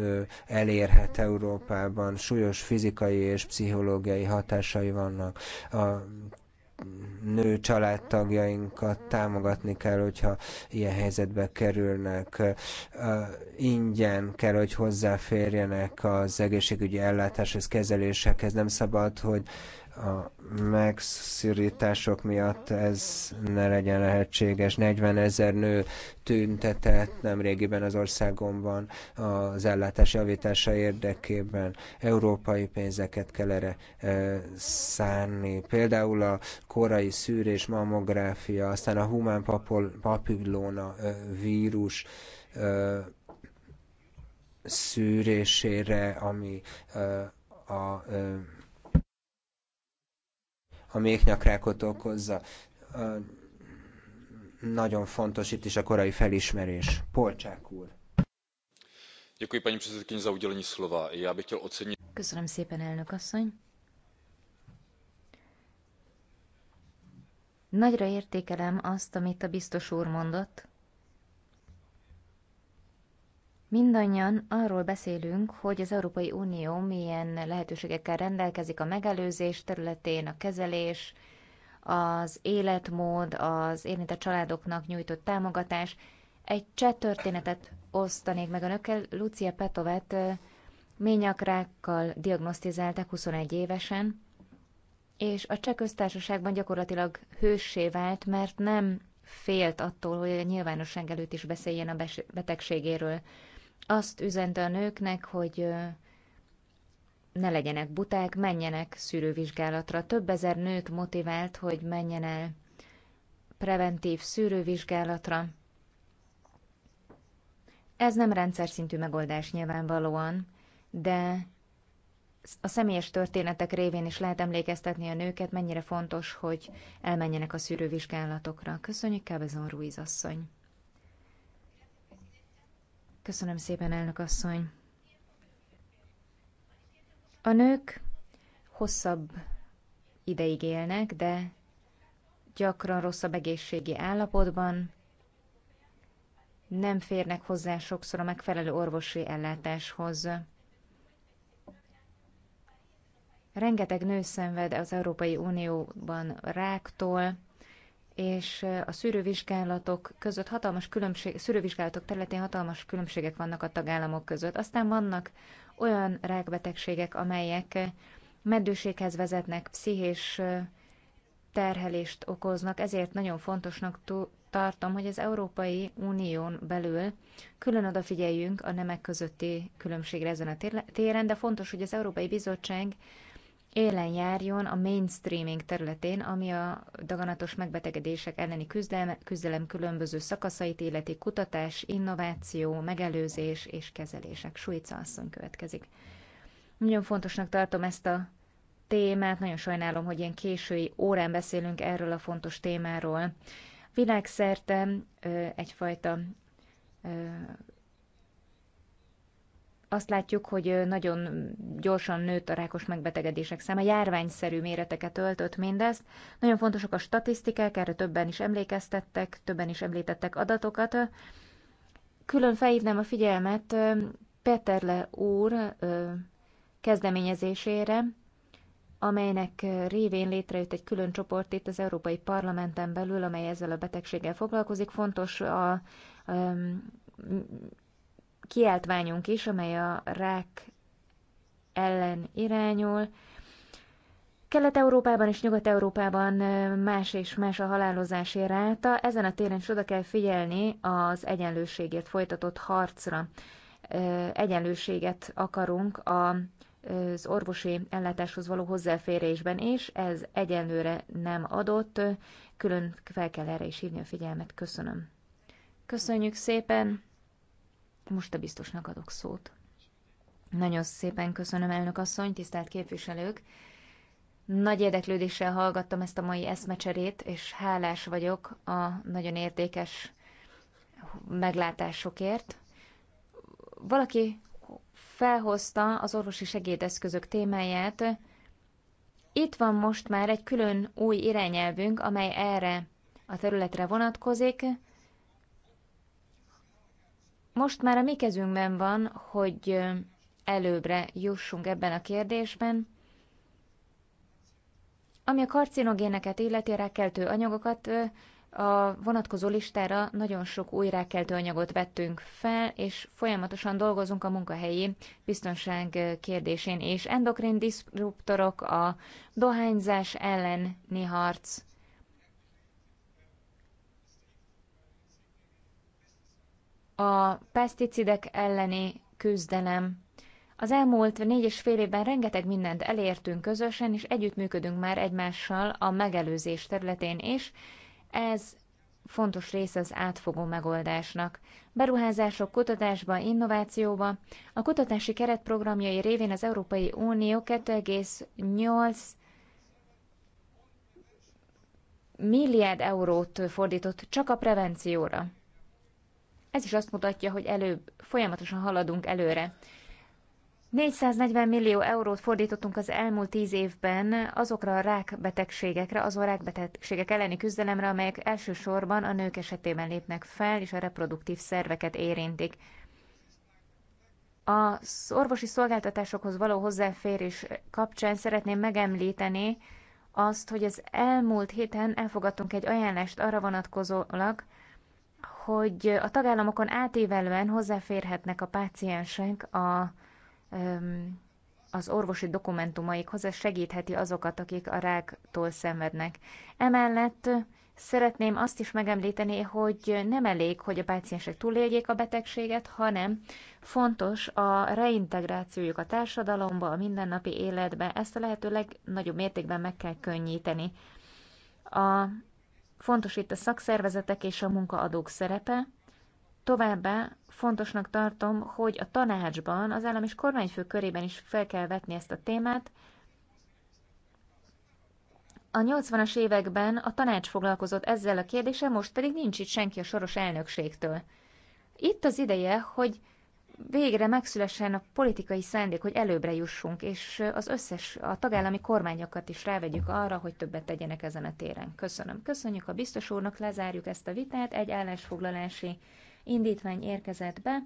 Speaker 2: elérhet Európában. Súlyos fizikai és pszichológiai hatásai vannak. A nő családtagjainkat támogatni kell, hogyha ilyen helyzetbe kerülnek. Ingyen kell, hogy hozzáférjenek az egészségügyi ellátáshoz, kezelésekhez. Nem szabad, hogy a megszorítások miatt ez ne legyen lehetséges. 40 ezer nő tüntetett nemrégiben az országomban az ellátás javítása érdekében. Európai pénzeket kell erre e, szánni. Például a korai szűrés, mammográfia, aztán a humán papol, papillóna e, vírus e, szűrésére, ami e, a e, a méhnyakrákot okozza. Nagyon fontos itt is a korai felismerés. Polcsák úr.
Speaker 3: paní předsedkyně za udělení slova. Já bych chtěl ocenit... Köszönöm szépen, elnök asszony. Nagyra értékelem azt, amit a biztos úr mondott, Mindannyian arról beszélünk, hogy az Európai Unió milyen lehetőségekkel rendelkezik a megelőzés területén, a kezelés, az életmód, az érintett családoknak nyújtott támogatás. Egy cseh történetet osztanék meg önökkel. Lucia Petovet ményakrákkal diagnosztizáltak 21 évesen, és a cseh köztársaságban gyakorlatilag hőssé vált, mert nem félt attól, hogy a nyilvánosság előtt is beszéljen a betegségéről. Azt üzente a nőknek, hogy ne legyenek buták, menjenek szűrővizsgálatra. Több ezer nőt motivált, hogy menjen el preventív szűrővizsgálatra. Ez nem rendszer szintű megoldás nyilvánvalóan, de a személyes történetek révén is lehet emlékeztetni a nőket, mennyire fontos, hogy elmenjenek a szűrővizsgálatokra. Köszönjük, Kábezon Ruiz asszony! Köszönöm szépen, elnök asszony. A nők hosszabb ideig élnek, de gyakran rosszabb egészségi állapotban, nem férnek hozzá sokszor a megfelelő orvosi ellátáshoz. Rengeteg nő szenved az Európai Unióban ráktól, és a szűrővizsgálatok között hatalmas különbség, szűrővizsgálatok területén hatalmas különbségek vannak a tagállamok között. Aztán vannak olyan rákbetegségek, amelyek meddőséghez vezetnek, pszichés terhelést okoznak, ezért nagyon fontosnak tartom, hogy az Európai Unión belül külön odafigyeljünk a nemek közötti különbségre ezen a téren, de fontos, hogy az Európai Bizottság élen járjon a mainstreaming területén, ami a daganatos megbetegedések elleni küzdelem, küzdelem különböző szakaszait illeti kutatás, innováció, megelőzés és kezelések. Suica asszony következik. Nagyon fontosnak tartom ezt a témát, nagyon sajnálom, hogy ilyen késői órán beszélünk erről a fontos témáról. Világszerte egyfajta azt látjuk, hogy nagyon gyorsan nőtt a rákos megbetegedések száma, járványszerű méreteket öltött mindezt. Nagyon fontosak a statisztikák, erre többen is emlékeztettek, többen is említettek adatokat. Külön felhívnám a figyelmet Peterle úr kezdeményezésére, amelynek révén létrejött egy külön csoport itt az Európai Parlamenten belül, amely ezzel a betegséggel foglalkozik. Fontos a kiáltványunk is, amely a rák ellen irányul. Kelet-Európában és Nyugat-Európában más és más a halálozási ráta, ezen a téren is oda kell figyelni az egyenlőségért folytatott harcra. Egyenlőséget akarunk az orvosi ellátáshoz való hozzáférésben, és ez egyenlőre nem adott, külön fel kell erre is hívni a figyelmet. Köszönöm. Köszönjük szépen! Most a biztosnak adok szót. Nagyon szépen köszönöm, elnök asszony, tisztelt képviselők! Nagy érdeklődéssel hallgattam ezt a mai eszmecserét, és hálás vagyok a nagyon értékes meglátásokért. Valaki felhozta az orvosi segédeszközök témáját. Itt van most már egy külön új irányelvünk, amely erre a területre vonatkozik most már a mi kezünkben van, hogy előbbre jussunk ebben a kérdésben. Ami a karcinogéneket illeti rákkeltő anyagokat, a vonatkozó listára nagyon sok új rákkeltő anyagot vettünk fel, és folyamatosan dolgozunk a munkahelyi biztonság kérdésén, és endokrin diszruptorok, a dohányzás elleni harc, a peszticidek elleni küzdelem. Az elmúlt négy és fél évben rengeteg mindent elértünk közösen, és együttműködünk már egymással a megelőzés területén is. Ez fontos része az átfogó megoldásnak. Beruházások kutatásba, innovációba. A kutatási keretprogramjai révén az Európai Unió 2,8 milliárd eurót fordított csak a prevencióra. Ez is azt mutatja, hogy előbb folyamatosan haladunk előre. 440 millió eurót fordítottunk az elmúlt tíz évben azokra a rákbetegségekre, azon rákbetegségek elleni küzdelemre, amelyek elsősorban a nők esetében lépnek fel, és a reproduktív szerveket érintik. Az orvosi szolgáltatásokhoz való hozzáférés kapcsán szeretném megemlíteni azt, hogy az elmúlt héten elfogadtunk egy ajánlást arra vonatkozólag, hogy a tagállamokon átévelően hozzáférhetnek a páciensek a, az orvosi dokumentumaikhoz, ez segítheti azokat, akik a ráktól szenvednek. Emellett szeretném azt is megemlíteni, hogy nem elég, hogy a páciensek túléljék a betegséget, hanem fontos a reintegrációjuk a társadalomba, a mindennapi életbe. Ezt a lehető legnagyobb mértékben meg kell könnyíteni. A Fontos itt a szakszervezetek és a munkaadók szerepe, Továbbá fontosnak tartom, hogy a tanácsban, az állam és kormányfő körében is fel kell vetni ezt a témát. A 80-as években a tanács foglalkozott ezzel a kérdéssel, most pedig nincs itt senki a soros elnökségtől. Itt az ideje, hogy végre megszülessen a politikai szándék, hogy előbbre jussunk, és az összes, a tagállami kormányokat is rávegyük arra, hogy többet tegyenek ezen a téren. Köszönöm. Köszönjük a biztos úrnak, lezárjuk ezt a vitát. Egy állásfoglalási indítvány érkezett be,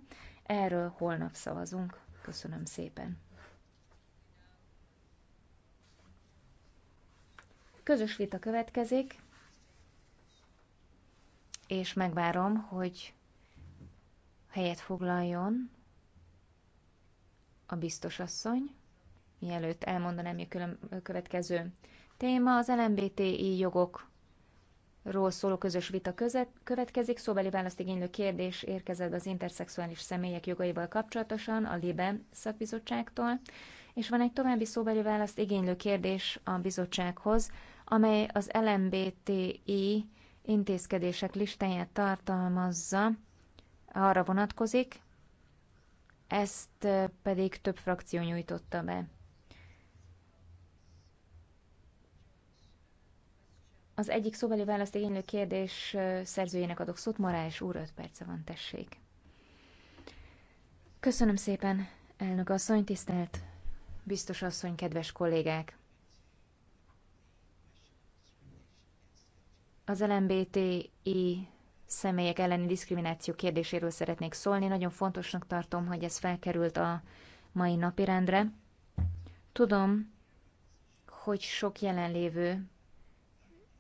Speaker 3: erről holnap szavazunk. Köszönöm szépen. Közös vita következik, és megvárom, hogy helyet foglaljon a biztos asszony. Mielőtt elmondanám a következő téma, az LMBTI jogok ról szóló közös vita között következik. Szóbeli választ igénylő kérdés érkezett az interszexuális személyek jogaival kapcsolatosan a LIBE szakbizottságtól, és van egy további szóbeli választ igénylő kérdés a bizottsághoz, amely az LMBTI intézkedések listáját tartalmazza, arra vonatkozik, ezt pedig több frakció nyújtotta be. Az egyik szóbeli választ igénylő kérdés szerzőjének adok szót, Marás úr, 5 perce van, tessék. Köszönöm szépen, elnök asszony, tisztelt biztos asszony, kedves kollégák! Az LMBTI személyek elleni diszkrimináció kérdéséről szeretnék szólni. Nagyon fontosnak tartom, hogy ez felkerült a mai napirendre. Tudom, hogy sok jelenlévő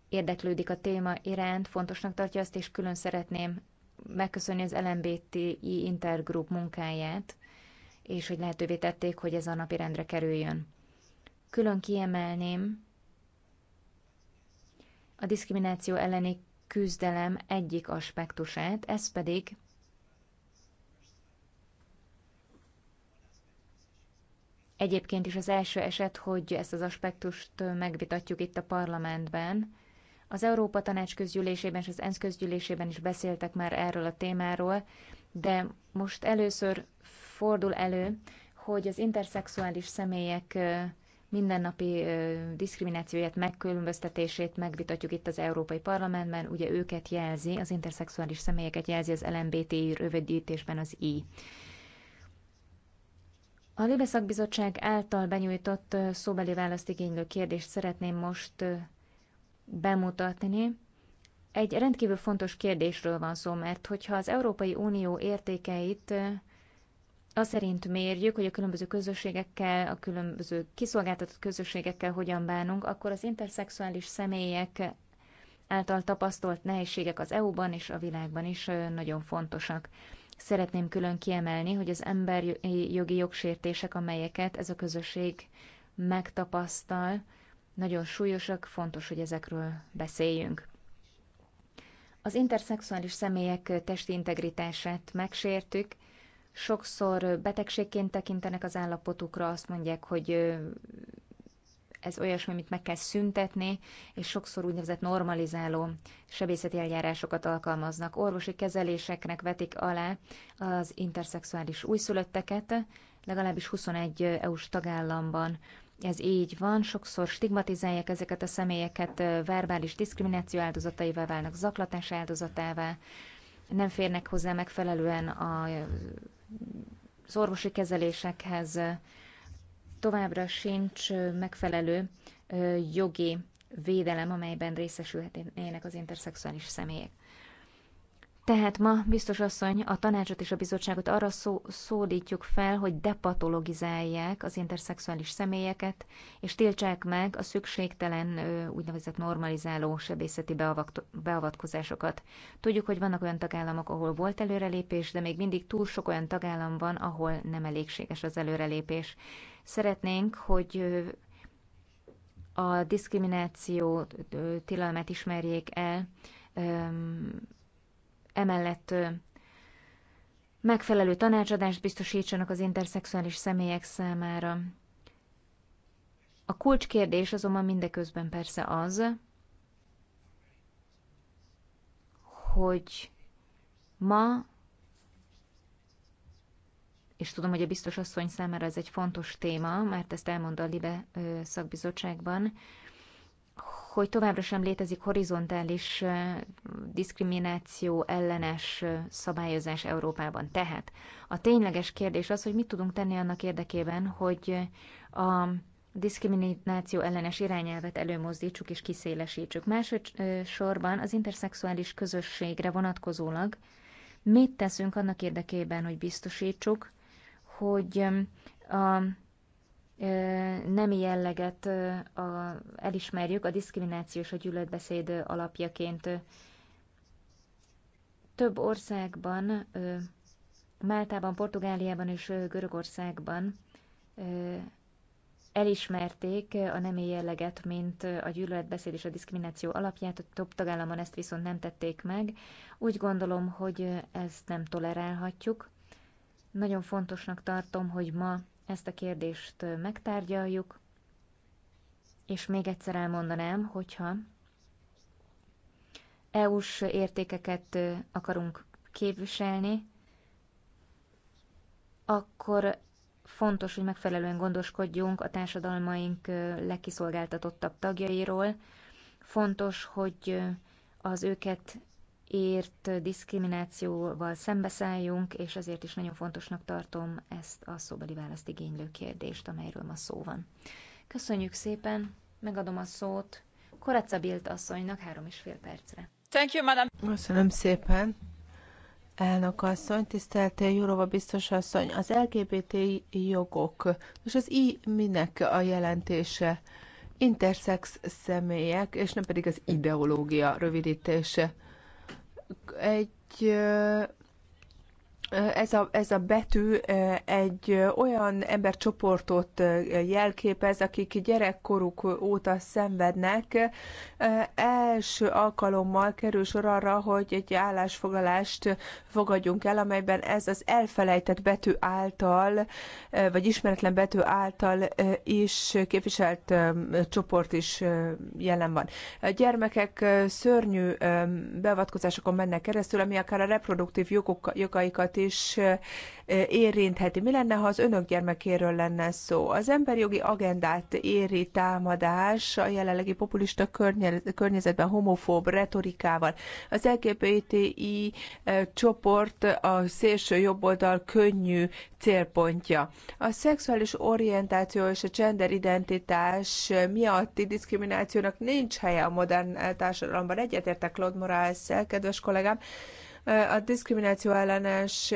Speaker 3: érdeklődik a téma iránt, fontosnak tartja azt, és külön szeretném megköszönni az LMBTI Intergroup munkáját, és hogy lehetővé tették, hogy ez a napirendre kerüljön. Külön kiemelném a diszkrimináció elleni küzdelem egyik aspektusát, ez pedig Egyébként is az első eset, hogy ezt az aspektust megvitatjuk itt a parlamentben. Az Európa Tanács közgyűlésében és az ENSZ közgyűlésében is beszéltek már erről a témáról, de most először fordul elő, hogy az interszexuális személyek mindennapi diszkriminációját, megkülönböztetését megvitatjuk itt az Európai Parlamentben, ugye őket jelzi, az interszexuális személyeket jelzi az LMBTI rövidítésben az I. A Libe Szakbizottság által benyújtott szóbeli választ igénylő kérdést szeretném most bemutatni. Egy rendkívül fontos kérdésről van szó, mert hogyha az Európai Unió értékeit azt szerint mérjük, hogy a különböző közösségekkel, a különböző kiszolgáltatott közösségekkel hogyan bánunk, akkor az interszexuális személyek által tapasztalt nehézségek az EU-ban és a világban is nagyon fontosak. Szeretném külön kiemelni, hogy az emberi jogi jogsértések, amelyeket ez a közösség megtapasztal, nagyon súlyosak, fontos, hogy ezekről beszéljünk. Az interszexuális személyek testi integritását megsértük, sokszor betegségként tekintenek az állapotukra, azt mondják, hogy ez olyasmi, amit meg kell szüntetni, és sokszor úgynevezett normalizáló sebészeti eljárásokat alkalmaznak. Orvosi kezeléseknek vetik alá az interszexuális újszülötteket, legalábbis 21 EU-s tagállamban. Ez így van, sokszor stigmatizálják ezeket a személyeket, verbális diszkrimináció áldozataivá válnak, zaklatás áldozatává, nem férnek hozzá megfelelően a az orvosi kezelésekhez továbbra sincs megfelelő jogi védelem, amelyben részesülhetnének az interszexuális személyek. Tehát ma, biztos asszony, a tanácsot és a bizottságot arra szó, szólítjuk fel, hogy depatologizálják az interszexuális személyeket, és tiltsák meg a szükségtelen úgynevezett normalizáló sebészeti beavatkozásokat. Tudjuk, hogy vannak olyan tagállamok, ahol volt előrelépés, de még mindig túl sok olyan tagállam van, ahol nem elégséges az előrelépés. Szeretnénk, hogy a diszkrimináció tilalmát ismerjék el, emellett megfelelő tanácsadást biztosítsanak az interszexuális személyek számára. A kulcskérdés azonban mindeközben persze az, hogy ma, és tudom, hogy a biztos asszony számára ez egy fontos téma, mert ezt elmondta a Libe szakbizottságban, hogy továbbra sem létezik horizontális diszkrimináció ellenes szabályozás Európában. Tehát a tényleges kérdés az, hogy mit tudunk tenni annak érdekében, hogy a diszkrimináció ellenes irányelvet előmozdítsuk és kiszélesítsük. Másodszorban az interszexuális közösségre vonatkozólag mit teszünk annak érdekében, hogy biztosítsuk, hogy a nemi jelleget a, elismerjük a diszkrimináció és a gyűlöletbeszéd alapjaként. Több országban, Máltában, Portugáliában és Görögországban elismerték a nemi jelleget, mint a gyűlöletbeszéd és a diszkrimináció alapját, a több tagállamon ezt viszont nem tették meg. Úgy gondolom, hogy ezt nem tolerálhatjuk. Nagyon fontosnak tartom, hogy ma ezt a kérdést megtárgyaljuk, és még egyszer elmondanám, hogyha EU-s értékeket akarunk képviselni, akkor fontos, hogy megfelelően gondoskodjunk a társadalmaink legkiszolgáltatottabb tagjairól. Fontos, hogy az őket ért diszkriminációval szembeszálljunk, és ezért is nagyon fontosnak tartom ezt a szóbeli választ igénylő kérdést, amelyről ma szó van. Köszönjük szépen, megadom a szót Koraca Bilt asszonynak három és fél percre.
Speaker 1: Thank you, madam. Köszönöm szépen. Elnök asszony, tisztelt Jurova biztos asszony, az LGBT jogok és az i minek a jelentése? intersex személyek, és nem pedig az ideológia rövidítése egy ez a, ez a betű egy olyan embercsoportot jelképez, akik gyerekkoruk óta szenvednek. Első alkalommal kerül sor arra, hogy egy állásfoglalást fogadjunk el, amelyben ez az elfelejtett betű által, vagy ismeretlen betű által is képviselt csoport is jelen van. A gyermekek szörnyű beavatkozásokon mennek keresztül, ami akár a reproduktív jogok, jogaikat is érintheti. Mi lenne, ha az önök gyermekéről lenne szó? Az emberi jogi agendát éri támadás a jelenlegi populista környezetben homofób retorikával. Az LGBTI csoport a szélső jobboldal könnyű célpontja. A szexuális orientáció és a gender identitás miatti diszkriminációnak nincs helye a modern társadalomban. Egyetértek Claude Morales-szel, kedves kollégám, a diszkrimináció ellenes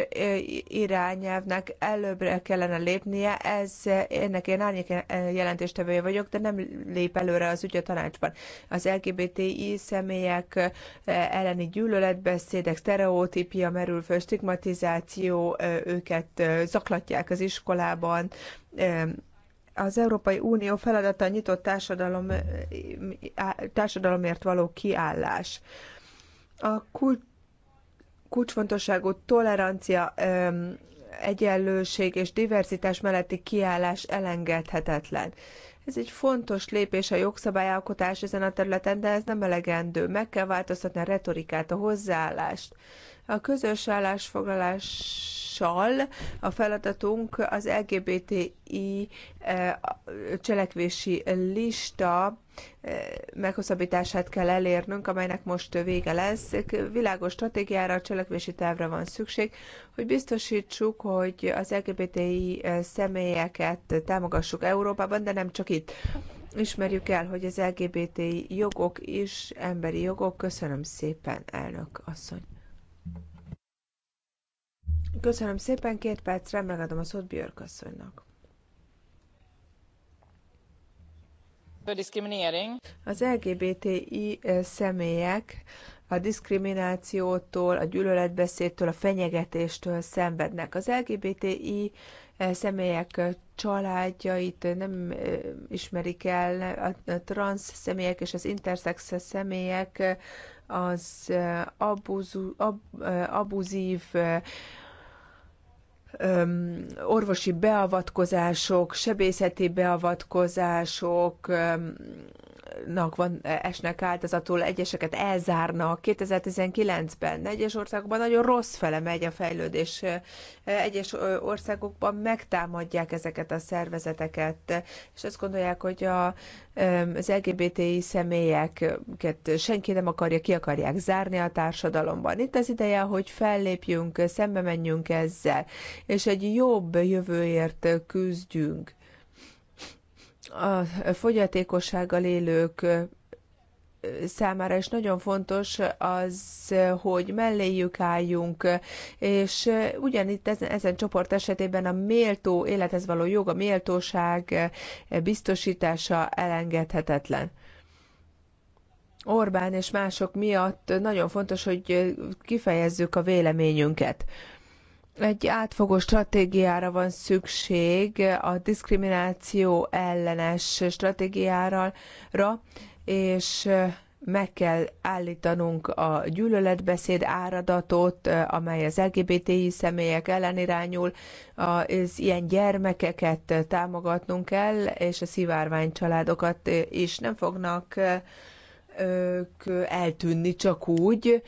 Speaker 1: irányelvnek előbbre kellene lépnie, ez ennek én árnyék jelentéstevője vagyok, de nem lép előre az ügy a tanácsban. Az LGBTI személyek elleni gyűlöletbeszédek, sztereotípia merül föl, stigmatizáció, őket zaklatják az iskolában, az Európai Unió feladata a nyitott társadalom, társadalomért való kiállás. A kult kulcsfontosságú tolerancia, egyenlőség és diverzitás melletti kiállás elengedhetetlen. Ez egy fontos lépés a jogszabályalkotás ezen a területen, de ez nem elegendő. Meg kell változtatni a retorikát, a hozzáállást. A közös állásfoglalással a feladatunk az LGBTI eh, cselekvési lista eh, meghosszabbítását kell elérnünk, amelynek most vége lesz. Világos stratégiára, cselekvési távra van szükség, hogy biztosítsuk, hogy az LGBTI eh, személyeket támogassuk Európában, de nem csak itt. Ismerjük el, hogy az LGBTI jogok is emberi jogok. Köszönöm szépen, elnök asszony. Köszönöm szépen, két percre megadom a szót Björk asszonynak. Az LGBTI eh, személyek a diszkriminációtól, a gyűlöletbeszédtől, a fenyegetéstől szenvednek. Az LGBTI eh, személyek eh, családjait nem ismerik el, a trans személyek és az intersex személyek az ab, abuzív orvosi beavatkozások, sebészeti beavatkozások, nak van, e, esnek áldozatul, egyeseket elzárnak. 2019-ben egyes országokban nagyon rossz fele megy a fejlődés. E, egyes országokban megtámadják ezeket a szervezeteket, és azt gondolják, hogy a, e, az LGBTI személyeket senki nem akarja, ki akarják zárni a társadalomban. Itt az ideje, hogy fellépjünk, szembe menjünk ezzel, és egy jobb jövőért küzdjünk a fogyatékossággal élők számára is nagyon fontos az, hogy melléjük álljunk, és ugyanitt ezen, ezen csoport esetében a méltó élethez való jog, a méltóság biztosítása elengedhetetlen. Orbán és mások miatt nagyon fontos, hogy kifejezzük a véleményünket egy átfogó stratégiára van szükség, a diszkrimináció ellenes stratégiára, és meg kell állítanunk a gyűlöletbeszéd áradatot, amely az LGBTI személyek ellen irányul, az ilyen gyermekeket támogatnunk kell, és a szivárvány családokat is nem fognak ők eltűnni csak úgy,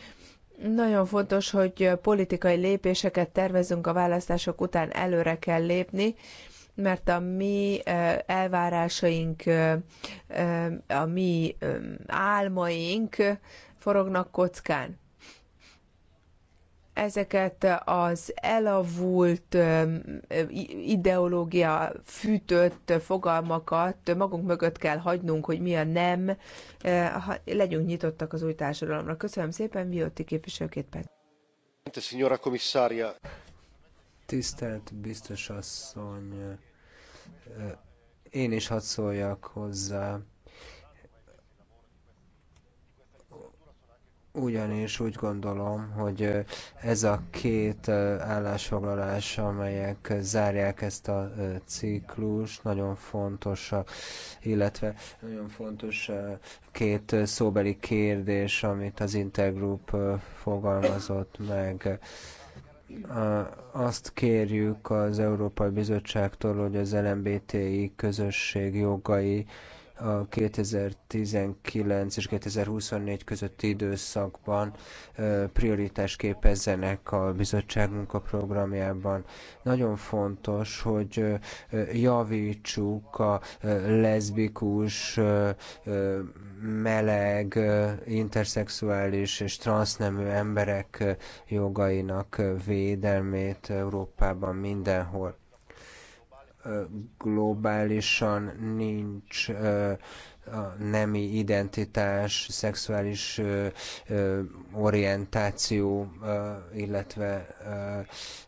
Speaker 1: nagyon fontos, hogy politikai lépéseket tervezünk a választások után, előre kell lépni, mert a mi elvárásaink, a mi álmaink forognak kockán ezeket az elavult ideológia fűtött fogalmakat magunk mögött kell hagynunk, hogy mi a nem, legyünk nyitottak az új társadalomra.
Speaker 2: Köszönöm szépen, Vioti képviselőkét, két perc. Tisztelt biztos asszony, én is hadd szóljak hozzá ugyanis úgy gondolom, hogy ez a két állásfoglalás, amelyek zárják ezt a ciklus, nagyon fontos, illetve nagyon fontos két szóbeli kérdés, amit az Intergroup fogalmazott meg azt kérjük az Európai Bizottságtól, hogy az LMBTI közösség jogai a 2019 és 2024 közötti időszakban prioritást képezzenek a bizottság munkaprogramjában. Nagyon fontos, hogy javítsuk a leszbikus, meleg, interszexuális és transznemű emberek jogainak védelmét Európában mindenhol globálisan nincs a nemi identitás, szexuális ö, ö, orientáció, ö, illetve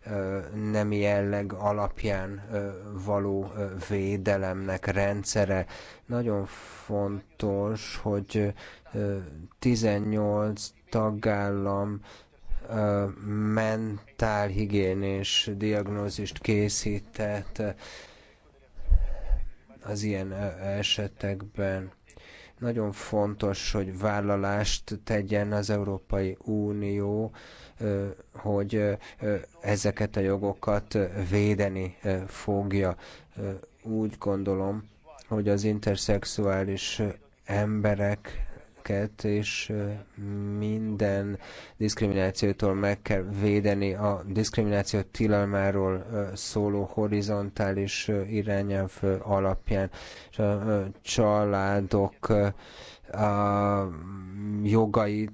Speaker 2: ö, ö, nemi jelleg alapján ö, való ö, védelemnek rendszere. Nagyon fontos, hogy ö, 18 tagállam mentálhigiénés diagnózist készített az ilyen esetekben. Nagyon fontos, hogy vállalást tegyen az Európai Unió, hogy ezeket a jogokat védeni fogja. Úgy gondolom, hogy az interszexuális emberek embereket, és minden diszkriminációtól meg kell védeni a diszkrimináció tilalmáról szóló horizontális irányelv alapján. És a családok a jogait